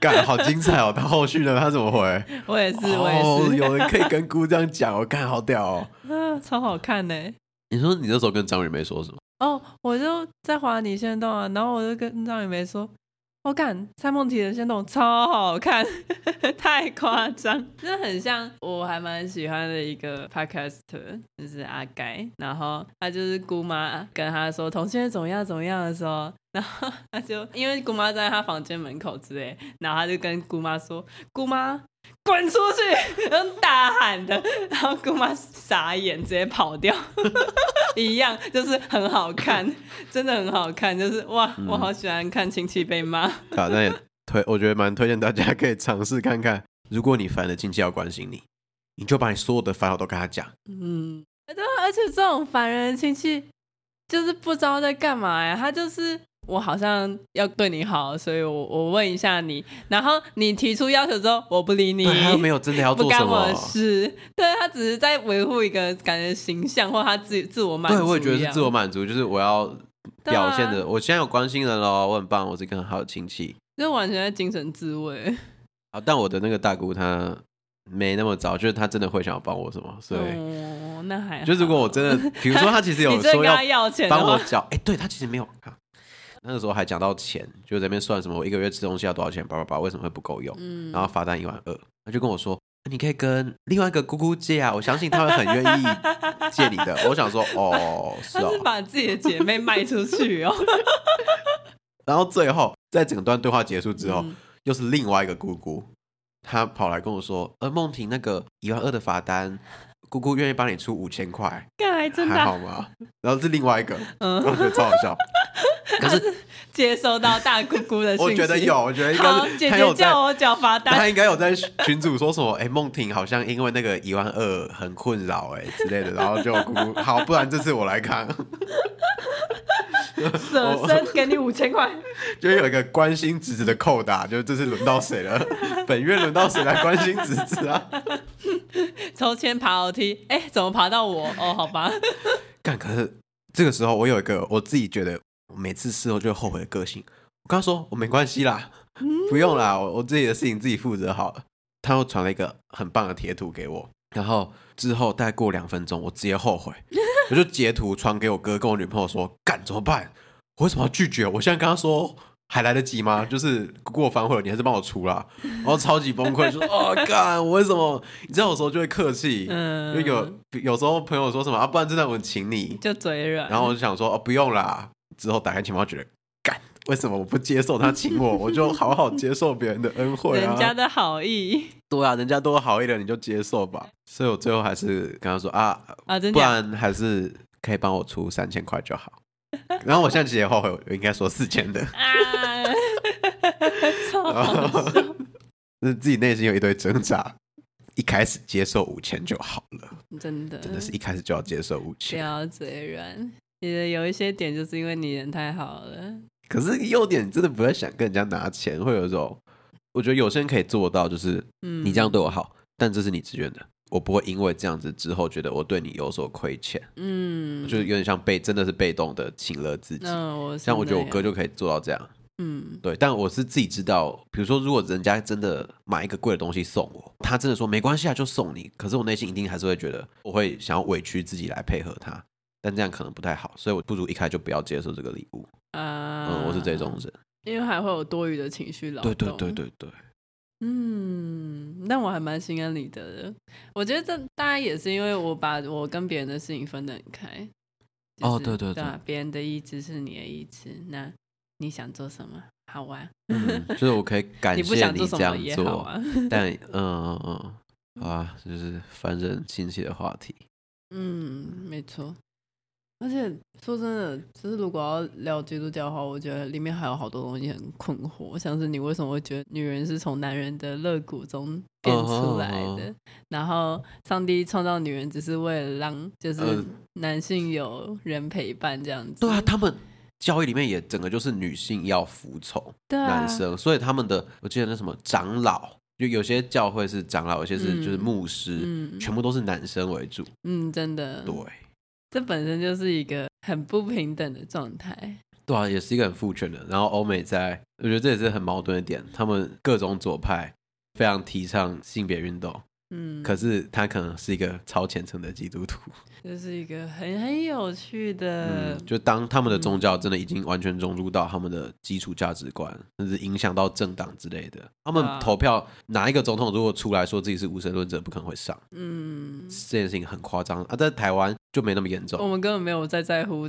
幹好精彩哦！他後，後續呢？他怎麼回？ 我也是，oh, 我也是。 有人可以跟姑這樣講，我幹好屌哦！啊， 超好看呢、欸。你說你那時候跟張雨梅說什麼？哦、oh,，我就在華誼行動啊，然後我就跟張雨梅說。我、oh, 看蔡夢婷的行動超好看， 太誇誇張張， 真的很像。我還蠻喜歡的一個 podcaster，就是阿蓋，然後他就是姑媽跟他說同性戀怎麼樣怎麼樣的時候，然後他就因為姑媽在他房間門口之類，然後他就跟姑媽說，姑媽。滾出去！然後大喊的，然後姑媽傻眼，直接跑掉。 一樣就是很好看， 真的很好看，就是哇、嗯，我好喜歡看親戚被罵。好，那也推，我覺得蠻推薦大家可以嘗試看看。如果你煩的親戚要關心你，你就把你所有的煩惱都跟他講。嗯，而且這種煩人的親戚就是不知道在幹嘛呀，他就是。我好像要對你好，所以我我問一下你，然後你提出要求之後，我不理你，他沒有真的要做什麼事，對，他只是在維護一個感覺形象，或他自自我滿足。對，我也覺得是自我滿足，就是我要表現的，啊、我現在有關心人嘍，我很棒，我是一個很好的親戚，就完全在精神自慰。啊，但我的那個大姑她沒那麼早，就是她真的會想要幫我什麼，所以、哦、那還好就如果我真的，比如說他其實有說要 的他要錢幫我交，哎、欸，對他其實沒有。啊那個、時候還講到錢，就在那邊算什麼，我一個月吃東西要多少錢，爸爸爸，為什麼會不夠用、嗯？然後罰單一萬二，他就跟我說，你可以跟另外一個姑姑借啊，我相信他會很願意借你的。 我想說，哦，他他是啊，把自己的姐妹賣出去哦。 然後最後，在整段對話結束之後、嗯，又是另外一個姑姑，她跑來跟我說，呃，孟婷那個一萬二的罰單。姑姑願意幫你出五千塊，還好嗎？然後是另外一個，嗯呵呵，超好笑。 可是。接收到大姑姑的訊息， 我覺得有，我覺得應該他有在姐姐叫我腳 他應該有在群組說什麼？哎、欸，夢婷好像因為那個一萬二很困擾、欸，哎之類的，然後就姑好，不然這次我來扛，捨 身給你五千塊， 就有一個關心侄子的扣打。就這次輪到誰了？ 本月輪到誰來關心侄子啊？抽 籤爬樓梯，哎，怎麼爬到我？哦，好吧。幹， 可是這個時候我有一個我自己覺得。每次事後就會後悔的個性，我跟他說我沒關係啦，不用啦，我我自己的事情自己負責好了。他又傳了一個很棒的貼圖給我，然後之後大概過兩分鐘，我直接後悔，我就截圖傳給我哥跟我女朋友說，幹怎麼辦？我為什麼要拒絕？我現在跟他說還來得及嗎？就是如果反悔，你還是幫我出啦。然後超級崩潰，說啊、哦、幹我為什麼？你知道有時候就會客氣，因為有有時候朋友說什麼啊，不然真的我請你，就嘴軟。然後我就想說哦不用啦。之後打開錢包覺得，幹，為什麼我不接受他請我？ 我就好好接受別人的恩惠、啊，人家的好意，對啊，人家多好一點你就接受吧。所以我最後還是跟他說啊，啊，不然還是可以幫我出三千塊就好。 然後我現在特別後悔，應該說四千的啊，錯， 但是自己內心有一堆掙扎。一開始接受五千就好了，真的，真的是一開始就要接受五千，不要嘴軟。你有一些點，就是因為你人太好了。可是有點，真的不會想跟人家拿錢，會有一種，我覺得有些人可以做到，就是，嗯，你這樣對我好，但這是你自願的，我不會因為這樣子之後，覺得我對你有所虧欠，嗯，就有點像被真的是被動的請了自己，嗯，我是。像我覺得我哥就可以做到這樣，嗯，對。但我是自己知道，比如說如果人家真的買一個貴的東西送我，他真的說沒關係啊，就送你，可是我內心一定還是會覺得，我會想要委屈自己來配合他。但這樣可能不太好，所以我不如一開就不要接受這個禮物。啊，嗯，我是這種人，因為還會有多餘的情緒勞動。對對對對對，對，嗯，但我還蠻心安理得的。我覺得這大概也是因為我把我跟別人的事情分得很開。就是、哦對對對對，啊，對對對，別人的意志是你的意志，那你想做什麼好玩？嗯， 就是我可以感謝你這樣做。做 但嗯嗯嗯，啊，就是反正親戚的話題。嗯，沒錯。而且說真的，就是如果要聊基督教的話，我覺得裡面還有好多東西很困惑。像是你為什麼會覺得女人是從男人的肋骨中變出來的？Uh -huh. 然後上帝創造女人只是為了讓就是男性有人陪伴這樣子？呃、對啊，他們教育裡面也整個就是女性要服從男生對、啊，所以他們的我記得那什麼長老，就有些教會是長老，有些是就是牧師，嗯、全部都是男生為主。嗯，真的。對。這本身就是一個很不平等的狀態，對啊，也是一個很父權的。然後歐美在，我覺得這也是很矛盾的點，他們各種左派非常提倡性別運動。嗯，可是他可能是一個超虔誠的基督徒，這是一個很很有趣的、嗯。就當他們的宗教真的已經完全融入到他們的基礎價值觀，甚至影響到政黨之類的，他們投票哪一個總統如果出來說自己是無神論者，不可能會上。嗯，這件事情很誇張啊，在台灣就沒那麼嚴重。我們根本沒有在在乎。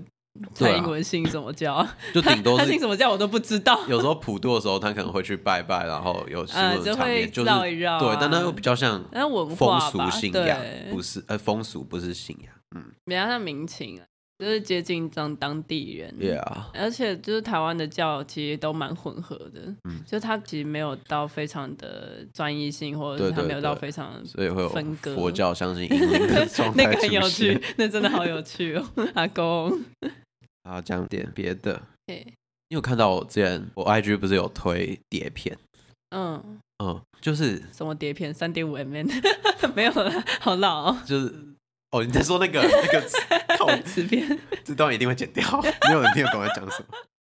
對，他信什麼教？啊、就頂多是他 信什麼教我都不知道。 有時候普渡的時候，他可能會去拜拜，然後有什麼什麼場面、嗯、繞繞啊，就會繞一繞就是對，但他又比較像，風俗信仰，不是，呃，風俗不是信仰，嗯，比較像民情、啊。就是接近當當地人，Yeah. 而且就是台灣的教其實都蠻混合的，嗯、就他其實沒有到非常的專業性，或者是他沒有到非常的對對對，所以會有分割。佛教相信因果， 那個很有趣， 那真的好有趣哦， 阿公。啊，講點別的。對，你有看到我之前我 IG 不是有推碟片？嗯嗯，就是什麼碟片三點五 mm， 沒有了，好老、哦。就是。哦，你在說那個那個詞片，這段一定會剪掉，沒有人聽得懂我在講什麼。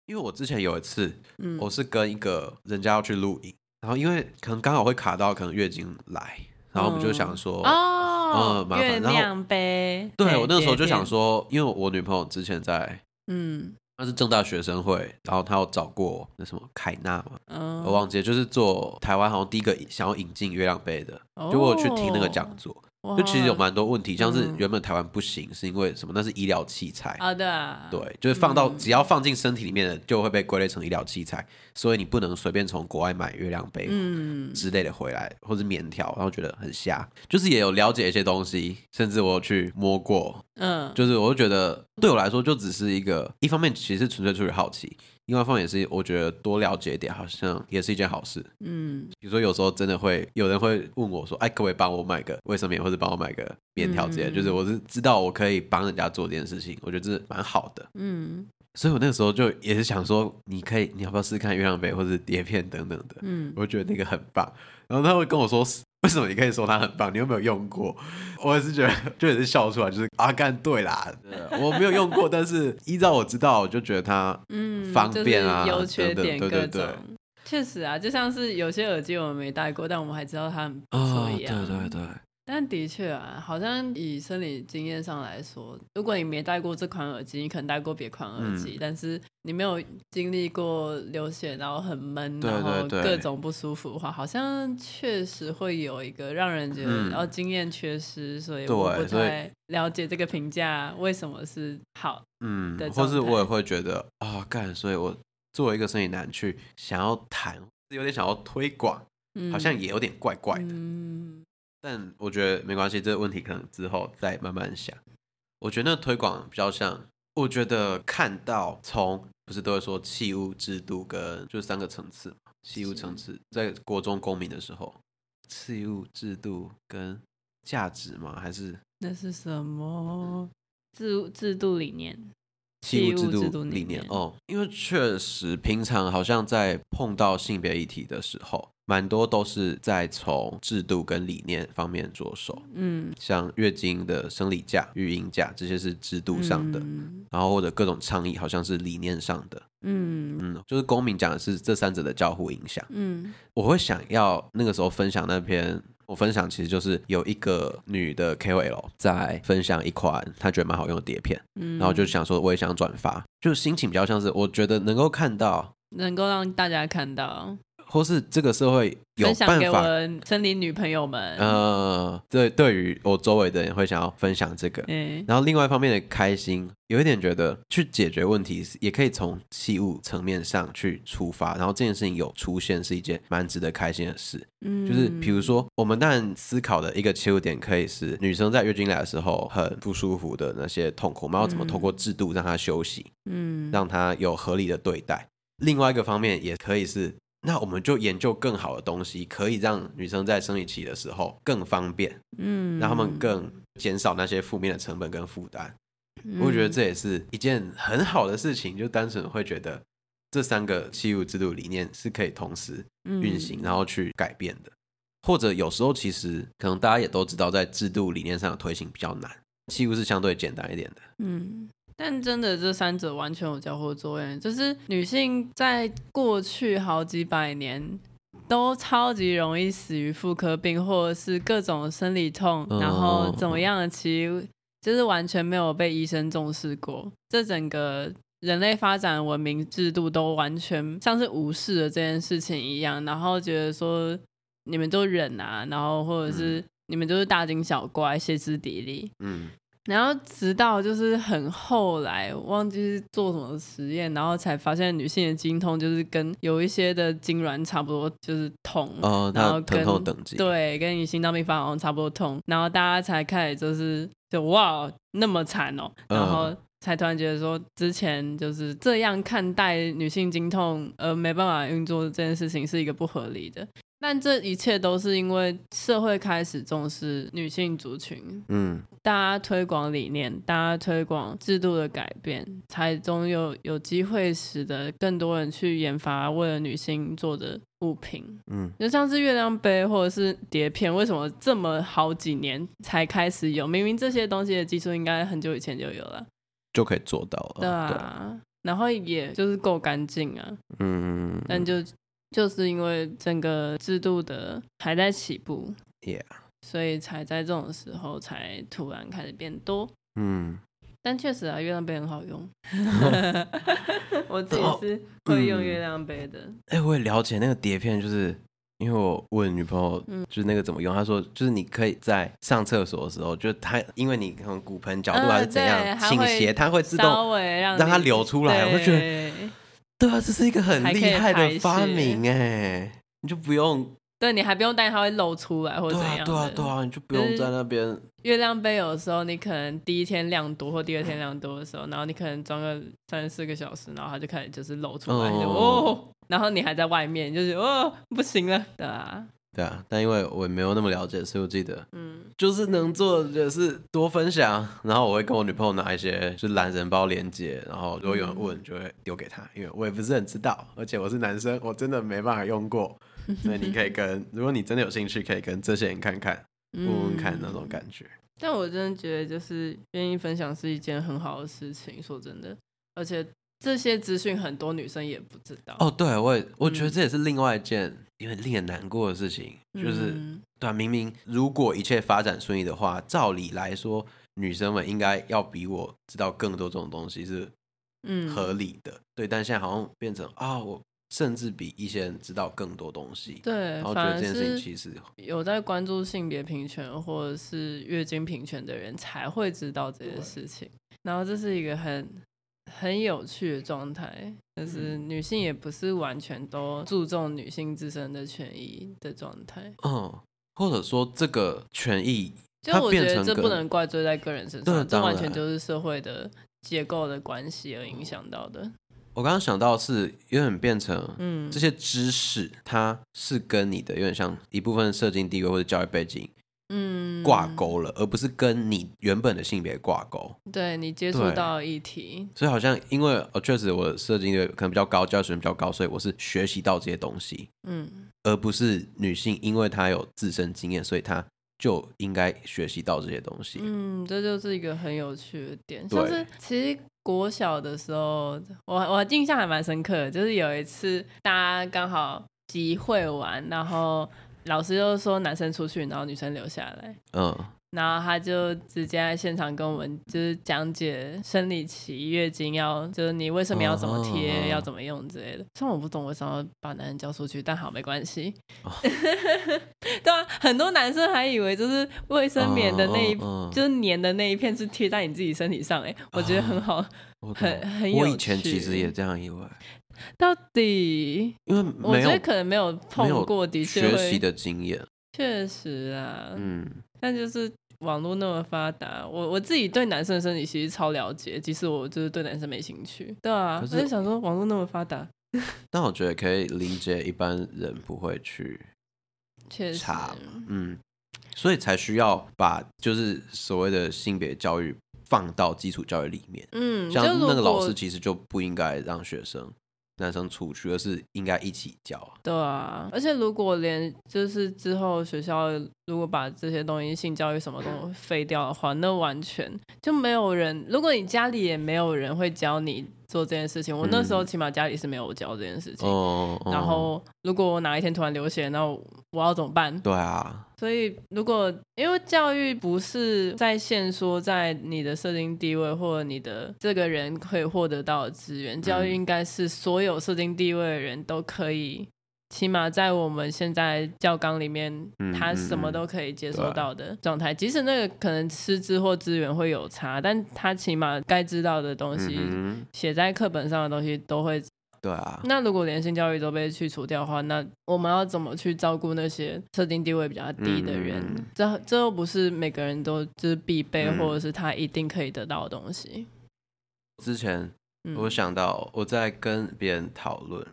因為我之前有一次，我是跟一個人家要去露營，嗯，然後因為可能剛好會卡到可能月經來，然後我們就想說，嗯、哦，哦，麻煩月亮杯。對我那時候就想說，因為我女朋友之前在，嗯，那是政大學生會，然後她有找過那什麼凱娜嘛，嗯，我忘記，就是做台灣好像第一個想要引進月亮杯的，哦，就我去聽那個講座。就其實有蠻多問題，像是原本台灣不行、嗯、是因為什麼？那是醫療器材。好、啊對，啊、對，就是放到、嗯、只要放進身體裡面的就會被歸類成醫療器材，所以你不能隨便從國外買月亮杯之類的回來，嗯、或是棉條，然後覺得很瞎，就是也有了解一些東西，甚至我去摸過，嗯，就是我就覺得對我來說就只是一個，一方面其實純粹出於好奇。另外一方面，是我覺得多了解一點，好像也是一件好事。嗯，比如說有時候真的會有人會問我說：“哎、欸，可，不可以幫我買個衛生棉，或者幫我買個棉條之類。嗯嗯”就是我是知道我可以幫人家做這件事情，我覺得這蠻好的。嗯，所以我那時候就也是想說，你可以，你要不要試試看月亮杯或是碟片等等的？嗯，我覺得那個很棒。然後他會跟我說。為什麼你可以說它很棒？你有沒有用過？我也是覺得，就也是笑出來，就是啊幹、啊、對啦。 我沒有用過，但是依照我知道，我就覺得它嗯方便啊，優、嗯就是、缺點各種。確實啊，就像是有些耳機我們沒戴過，但我們還知道它很棒、哦。對對對。但的確啊，好像以生理經驗上來說，如果你沒戴過這款耳機，你可能戴過別款耳機，嗯，但是你沒有經歷過流血，然後很悶，然後各種不舒服的話，對對對，好像確實會有一個讓人覺得，嗯、然後經驗缺失，所以我不太了解這個評價為什麼是好。對。嗯，或是我也會覺得啊，幹、哦，所以我作為一個生理男去想要談，有點想要推廣、嗯，好像也有點怪怪的。嗯嗯但我覺得沒關係，這個問題可能之後再慢慢想。我覺得那推廣比較像，我覺得看到從不是都會說器物制度跟就三個層次嘛，器物層次在國中公民的時候，器物制度跟價值嗎？還是那是什麼制制度理念？企制度理念度哦，因為確實平常好像在碰到性別議題的時候，蠻多都是在從制度跟理念方面着手。嗯，像月經的生理假、育嬰假這些是制度上的。嗯，然後或者各種倡議好像是理念上的。嗯嗯，就是公民講的是這三者的交互影響。嗯，我會想要那個時候分享那篇。我分享其實就是有一個女的 KOL 在分享一款她覺得蠻好用的碟片，嗯，然後就想說我也想轉發，就是心情比較像是我覺得能夠看到，能夠讓大家看到。或是這個社會有辦法，分享給我森林女朋友們。呃，對，對於我周圍的人會想要分享這個。嗯，然後另外一方面的開心，有一點覺得去解決問題也可以從器物層面上去出發。然後這件事情有出現是一件蠻值得開心的事。嗯，就是比如說我們當然思考的一個切入點可以是女生在月經來的時候很不舒服的那些痛苦，我們要怎麼通過制度讓她休息，嗯，讓她有合理的對待。另外一個方面也可以是。那我們就研究更好的東西，可以讓女生在生理期的時候更方便，嗯，讓她們更減少那些負面的成本跟負擔。嗯，我覺得這也是一件很好的事情，就單純會覺得這三個器物、制度、理念是可以同時運行，嗯，然後去改變的。或者有時候其實可能大家也都知道，在制度理念上的推行比較難，器物是相對簡單一點的，嗯。但真的，這三者完全有交互作用。就是女性在過去好幾百年都超級容易死於婦科病，或者是各種生理痛，oh. 然後怎麼樣的其？其實就是完全沒有被醫生重視過。這整個人類發展文明制度都完全像是無視的這件事情一樣，然後覺得說你們都忍啊，然後或者是你們就是大驚小怪、歇、嗯、斯底里。嗯。然後直到就是很後來，忘記，是做什麼實驗，然後才發現女性的經痛就是跟有一些的痙攣差不多，就是痛，哦，然後跟，疼痛等級，對，跟你心臟病發好像差不多痛，然後大家才開始就是就哇那麼慘哦，然後才突然覺得說之前就是這樣看待女性經痛，呃，沒辦法運作這件事情是一個不合理的。但這一切都是因為社會開始重視女性族群，嗯，大家推廣理念，大家推廣制度的改變，才終有有機會使得更多人去研發為了女性做的物品，嗯，就像是月亮杯或者是碟片，為什麼這麼好幾年才開始有？明明這些東西的技術應該很久以前就有了，就可以做到了，對啊，對，然後也就是夠乾淨啊，嗯，嗯，嗯，但就。就是因為整個制度的還在起步，yeah. 所以才在這種時候才突然開始變多。嗯，但確實啊，月亮杯很好用，哦、 我自己是會用月亮杯的。哎、哦嗯欸，我也了解那個碟片，就是因為我問女朋友就是那個怎麼用，她、嗯、說就是你可以在上廁所的時候，就它因為你可能骨盆角度還是怎樣傾、嗯、斜，它會自動讓它流出來。我覺得。對啊，這是一個很厲害的發明哎，你就不用。對，你還不用擔心它會漏出來或者怎樣。對啊，啊、對啊，你就不用在那邊。就是、月亮杯有時候，你可能第一天量多或第二天量多的時候、嗯，然後你可能裝個三四個小時，然後它就開始就是漏出來，哦就哦，然後你還在外面，就是哦，不行了，對啊。對啊，但因為我也沒有那麼了解，所以我記得，嗯，就是能做的、就是多分享，然後我會跟我女朋友拿一些，就是懶人包鏈接，然後如果有人問、嗯，就會丟給他。因為我也不是很知道，而且我是男生，我真的沒辦法用過，所以你可以跟， 如果你真的有興趣，可以跟這些人看看，問問看那種感覺。嗯、但我真的覺得，就是願意分享是一件很好的事情，說真的，而且。這些資訊很多女生也不知道哦。對，我也我覺得這也是另外一件有點、嗯、令人難過的事情，就是，但、嗯啊、明明如果一切發展順利的話，照理來說，女生們應該要比我知道更多這種東西是，嗯，合理的、嗯。對，但現在好像變成啊、哦，我甚至比一些人知道更多東西。對，然後我覺得這件事情其實有在關注性別平權或者是月經平權的人才會知道這件事情，然後這是一個很。很有趣的狀態，但是女性也不是完全都注重女性自身的權益的狀態。嗯，或者說這個權益它變成個，就我覺得這不能怪罪在個人身上，對，這完全就是社會的結構的關係而影響到的。我剛剛想到是有點變成，嗯，這些知識它是跟你的有點像一部分社經地位或者教育背景，嗯，掛鈎了，而不是跟你原本的性別掛鈎。對，你接觸到議題，所以好像因為我確實我設計的可能比較高，教育水準比較高，所以我是學習到這些東西。嗯，而不是女性，因為她有自身經驗，所以她就應該學習到這些東西。嗯，這就是一個很有趣的點。就是其實國小的時候，我我印象還蠻深刻的，就是有一次大家剛好集會完，然後。老師就說男生出去，然後女生留下來。嗯，然後他就直接在現場跟我們就是講解生理期、月經要，就是你為什麼要怎麼貼、哦哦、要怎麼用之類的。雖然我不懂為什麼要把男生叫出去，但好沒關係。哦、 對啊，很多男生還以為就是衛生棉的那一，哦哦哦、就是粘的那一片是貼在你自己身體上。哎、哦，我覺得很好，哦、很很有趣。我以前其實也這樣以為。到底，因為我覺得可能沒有碰過的，的確學習的經驗，確實啊，嗯，但就是網絡那麼發達，我我自己對男生的身體其實超了解，即使我就是對男生沒興趣，對啊，我只是想說網絡那麼發達，但我覺得可以理解，一般人不會去查，確實，嗯，所以才需要把就是所謂的性別教育放到基礎教育裡面，嗯，像那個老師其實就不應該讓學生。男生出去，是應該一起教啊。對啊，而且如果連就是之後學校如果把這些東西性教育什麼都廢掉的話，那完全就沒有人。如果你家裡也沒有人會教你。做這件事情，我那時候起碼家裡是沒有教這件事情。然後，如果我哪一天突然流血，那我，我要怎麼辦？對啊，所以如果因為教育不是在限縮，在你的設定地位或者你的這個人可以獲得到的資源，教育應該是所有設定地位的人都可以。起碼在我們現在教綱裡面，他什麼都可以接收到的狀態，嗯嗯。即使那個可能師資或資源會有差，但他起碼該知道的東西，寫、嗯嗯、在課本上的東西都會。對啊。那如果連性教育都被去除掉的話，那我們要怎麼去照顧那些特定地位比較低的人？嗯嗯、這這又不是每個人都就是必備、嗯，或者是他一定可以得到的東西。之前我想到我在跟別人討論。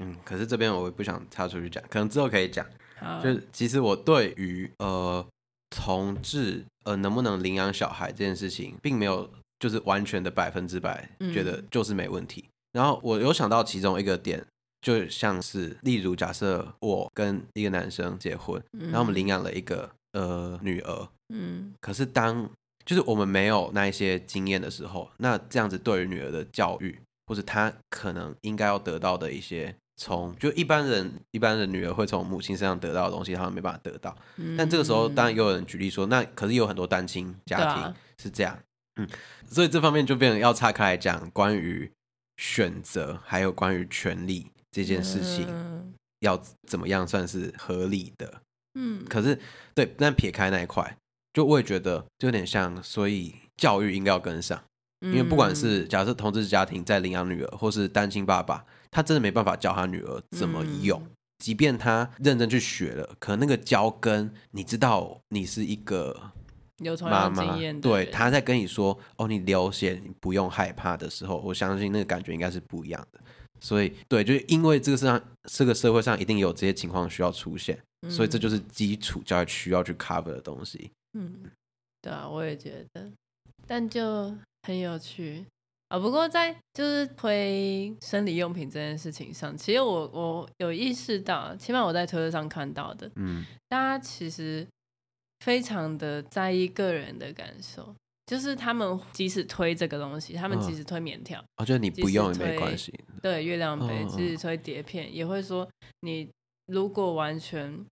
嗯，可是這邊我也不想插出去講，可能之後可以講。好。就其實我對於呃同志呃能不能領養小孩這件事情，並沒有就是完全的百分之百覺得就是沒問題。嗯、然後我有想到其中一個點，就像是例如假設我跟一個男生結婚，嗯、然後我們領養了一個呃女兒，嗯，可是當就是我們沒有那一些經驗的時候，那這樣子對於女兒的教育，或者她可能應該要得到的一些。從就一般人，一般人女兒會從母親身上得到的東西，她們沒辦法得到。但這個時候，當然也有人舉例說，嗯、那可是有很多單親家庭是這樣、啊，嗯，所以這方面就變成要岔開來講，關於選擇還有關於權利這件事情，要怎麼樣算是合理的？嗯，可是對，但撇開那一塊，就我也覺得就有點像，所以教育應該要跟上，嗯、因為不管是假設同志家庭在領養女兒，或是單親爸爸。他真的沒辦法教他女兒怎麼用，嗯、即便他認真去學了，可能那個教根，你知道，你是一個媽媽，對，他在跟你說，哦，你流血你不用害怕的時候，我相信那個感覺應該是不一樣的。所以，對，就是因為這個世上，這個社會上一定有這些情況需要出現、嗯，所以這就是基礎教育需要去 cover 的東西。嗯，對啊，我也覺得，但就很有趣。啊，不過在就是推生理用品這件事情上，其實我我有意識到，起碼我在推特上看到的，嗯，大家其實非常的在意個人的感受，就是他們即使推這個東西，他們即使推棉條，啊、哦哦，就是你不用也沒關係，對，月亮杯、哦，即使推碟片，也會說你如果完全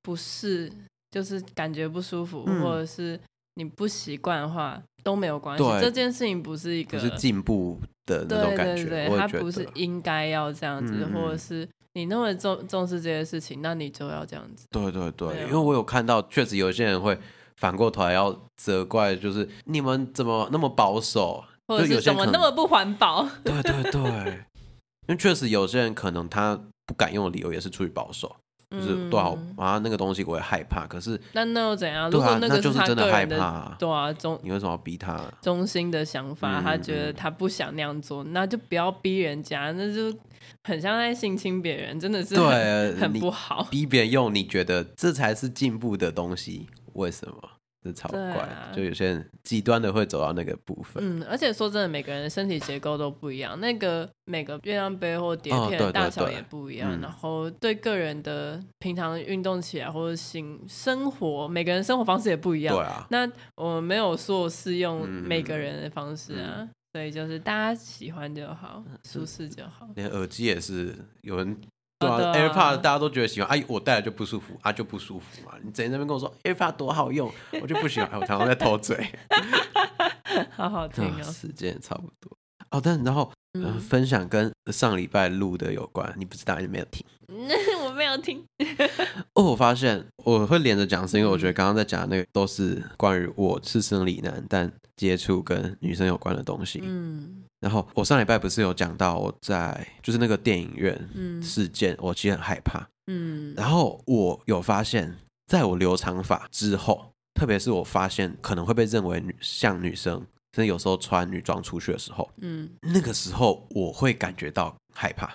不是，就是感覺不舒服，嗯、或者是。你不習慣的話都沒有關係，對，這件事情不是一個就是進步的那種感覺，對對對覺。他不是應該要這樣子嗯嗯，或者是你那麼重重視這些事情，那你就要這樣子。對對對，對、哦，因為我有看到，確實有些人會反過頭來要責怪，就是你們怎麼那麼保守，或者是怎麼那麼不環保。 對對對，因為確實有些人可能他不敢用的理由也是出於保守。就是多少、嗯、啊，那個東西我也害怕。可是那那又怎樣、啊？如果那個是他個的就是真的害怕、啊，對啊，中你為什麼要逼他、啊？中心的想法、嗯，他覺得他不想那樣做，那就不要逼人家，那就很像在性侵別人，真的是對、啊，很不好。逼別人用你覺得這才是進步的東西，為什麼？是超怪，啊，就有些人極端的會走到那個部分。嗯，而且說真的，每個人的身體結構都不一樣，那個每個月亮杯或碟片的大小也不一樣。哦對對對對，然後對個人的平常運動起來、嗯、或者性生活，每個人生活方式也不一樣。對啊，那我沒有說適用每個人的方式啊，嗯嗯，所以就是大家喜歡就好，舒適就好。嗯，連耳機也是有人。對啊 AirPod 大家都覺得喜歡，阿、啊啊、我戴了就不舒服，啊就不舒服嘛。你整天在那邊跟我說 AirPod 多好用， 我就不喜歡，我常常在偷嘴。 好好聽哦，哦時間也差不多好的，然、哦、後、嗯、分享跟上禮拜錄的有關，你不知道有沒有聽、嗯？我沒有聽。 哦，我發現我會連着講，是、嗯、因為我覺得剛剛在講的那個都是關於我是生理男，但接觸跟女生有關的東西。嗯。然後我上禮拜不是有講到我在就是那個電影院事件、嗯，我其實很害怕。嗯，然後我有發現，在我留長髮之後，特別是我發現可能會被認為女像女生，真的有時候穿女裝出去的時候，嗯，那個時候我會感覺到害怕。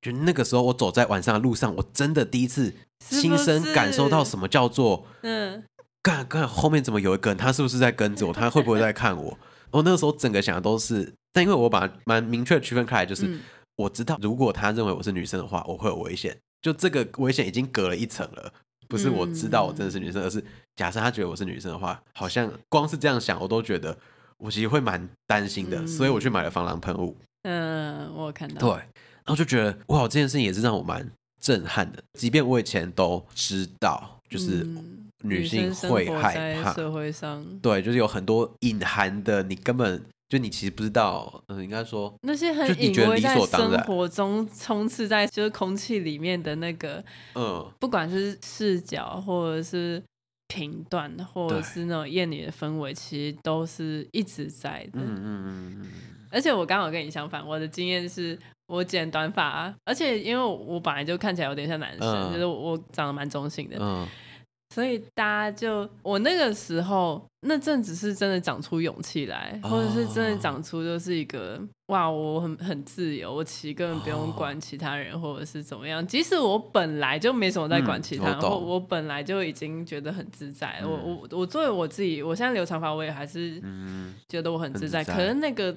就那個時候，我走在晚上的路上，我真的第一次親身感受到什麼叫做是是嗯，剛剛、啊啊、後面怎麼有一個人？他是不是在跟着我？他會不會在看我？ 我、oh, 那個時候整個想的都是，但因為我把蠻明確的區分開來，就是我知道如果他認為我是女生的話，嗯、我會有危險。就這個危險已經隔了一層了，不是我知道我真的是女生，嗯、而是假設他覺得我是女生的話，好像光是這樣想，我都覺得我其實會蠻擔心的、嗯。所以我去買了防狼噴霧。嗯、呃，我有看到。對，然後就覺得哇，這件事情也是讓我蠻震撼的。即便我以前都知道，就是。嗯女性會害怕女生生活在社會上，對，就是有很多隱含的，你根本就你其實不知道，嗯，應該說那些很隱晦在生活中充斥在就是空氣裡面的那個，嗯，不管是視角或者是頻段，或者是那種厭女的氛圍，其實都是一直在的，嗯嗯嗯嗯。而且我剛好跟你相反，我的經驗是我剪短髮、啊，而且因為我本來就看起來有點像男生，嗯、就是我，我長得蠻中性的。嗯所以大家就我那個時候那陣子是真的長出勇氣來，或者是真的長出就是一個、oh. 哇，我很很自由，我其實根本不用管其他人、oh. 或者是怎麼樣。即使我本來就沒什麼在管其他，我、嗯、我本來就已經覺得很自在。我我我作為我自己，我現在留長髮，我也還是覺得我很自在。嗯、很自在可是那個。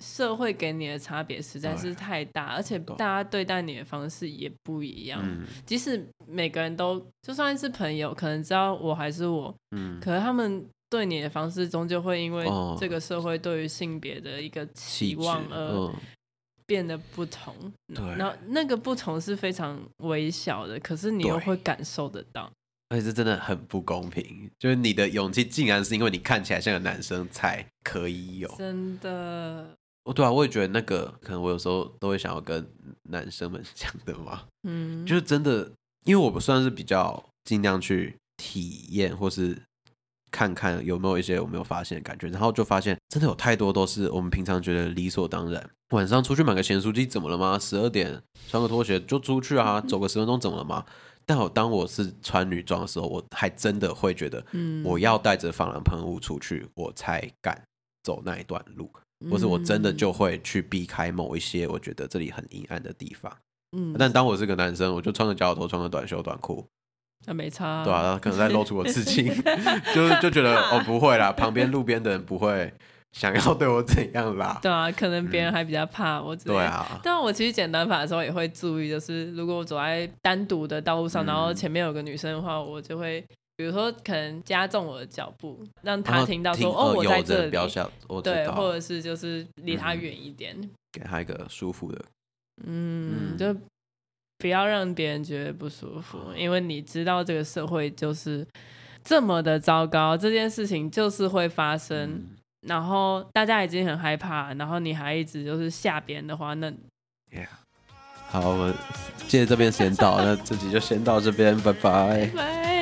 社會給你的差別實在是太大，嗯，而且大家對待你的方式也不一樣。嗯、即使每個人都就算是朋友，可能知道我還是我，嗯，可是他們對你的方式終究會因為這個社會對於性別的一個期望而變得不同。那，嗯、然後那個不同是非常微小的，可是你又會感受得到。而且這真的很不公平，就是你的勇氣，竟然是因為你看起來像個男生才可以有。真的。哦，對啊，我也覺得那個可能我有時候都會想要跟男生們講的嘛，嗯，就是真的，因為我算是比較儘量去體驗或是看看有沒有一些我沒有發現的感覺，然後就發現真的有太多都是我們平常覺得理所當然，晚上出去買個鹹酥雞怎麼了嗎？十二點穿個拖鞋就出去啊，走個十分鐘怎麼了嗎？但好當我是穿女裝的時候，我還真的會覺得，嗯，我要帶着防狼噴霧出去，我才敢走那一段路。或是我真的就會去避開某一些我覺得這裡很陰暗的地方，嗯，但當我是個男生，我就穿着夾腳頭，穿着短袖短褲，那、啊、沒差、啊，對啊，可能在露出我刺青， 就就覺得、啊、哦不會啦，旁邊路邊的人不會想要對我怎樣啦，對啊，可能別人還比較怕、嗯、我對啊，但我其實剪短髮的時候也會注意，就是如果我走在單獨的道路上、嗯，然後前面有個女生的話，我就會。比如說，可能加重我的腳步，讓他聽到說：“啊呃、哦，我在這裡。我”對，或者是就是離他遠一點，嗯、給他一個舒服的嗯。嗯，就不要讓別人覺得不舒服、嗯，因為你知道這個社會就是這麼的糟糕，這件事情就是會發生。嗯、然後大家已經很害怕，然後你還一直就是嚇別人的話，那、Yeah. 好。我借這邊時間到， 那自己就先到這邊， 拜拜。拜拜。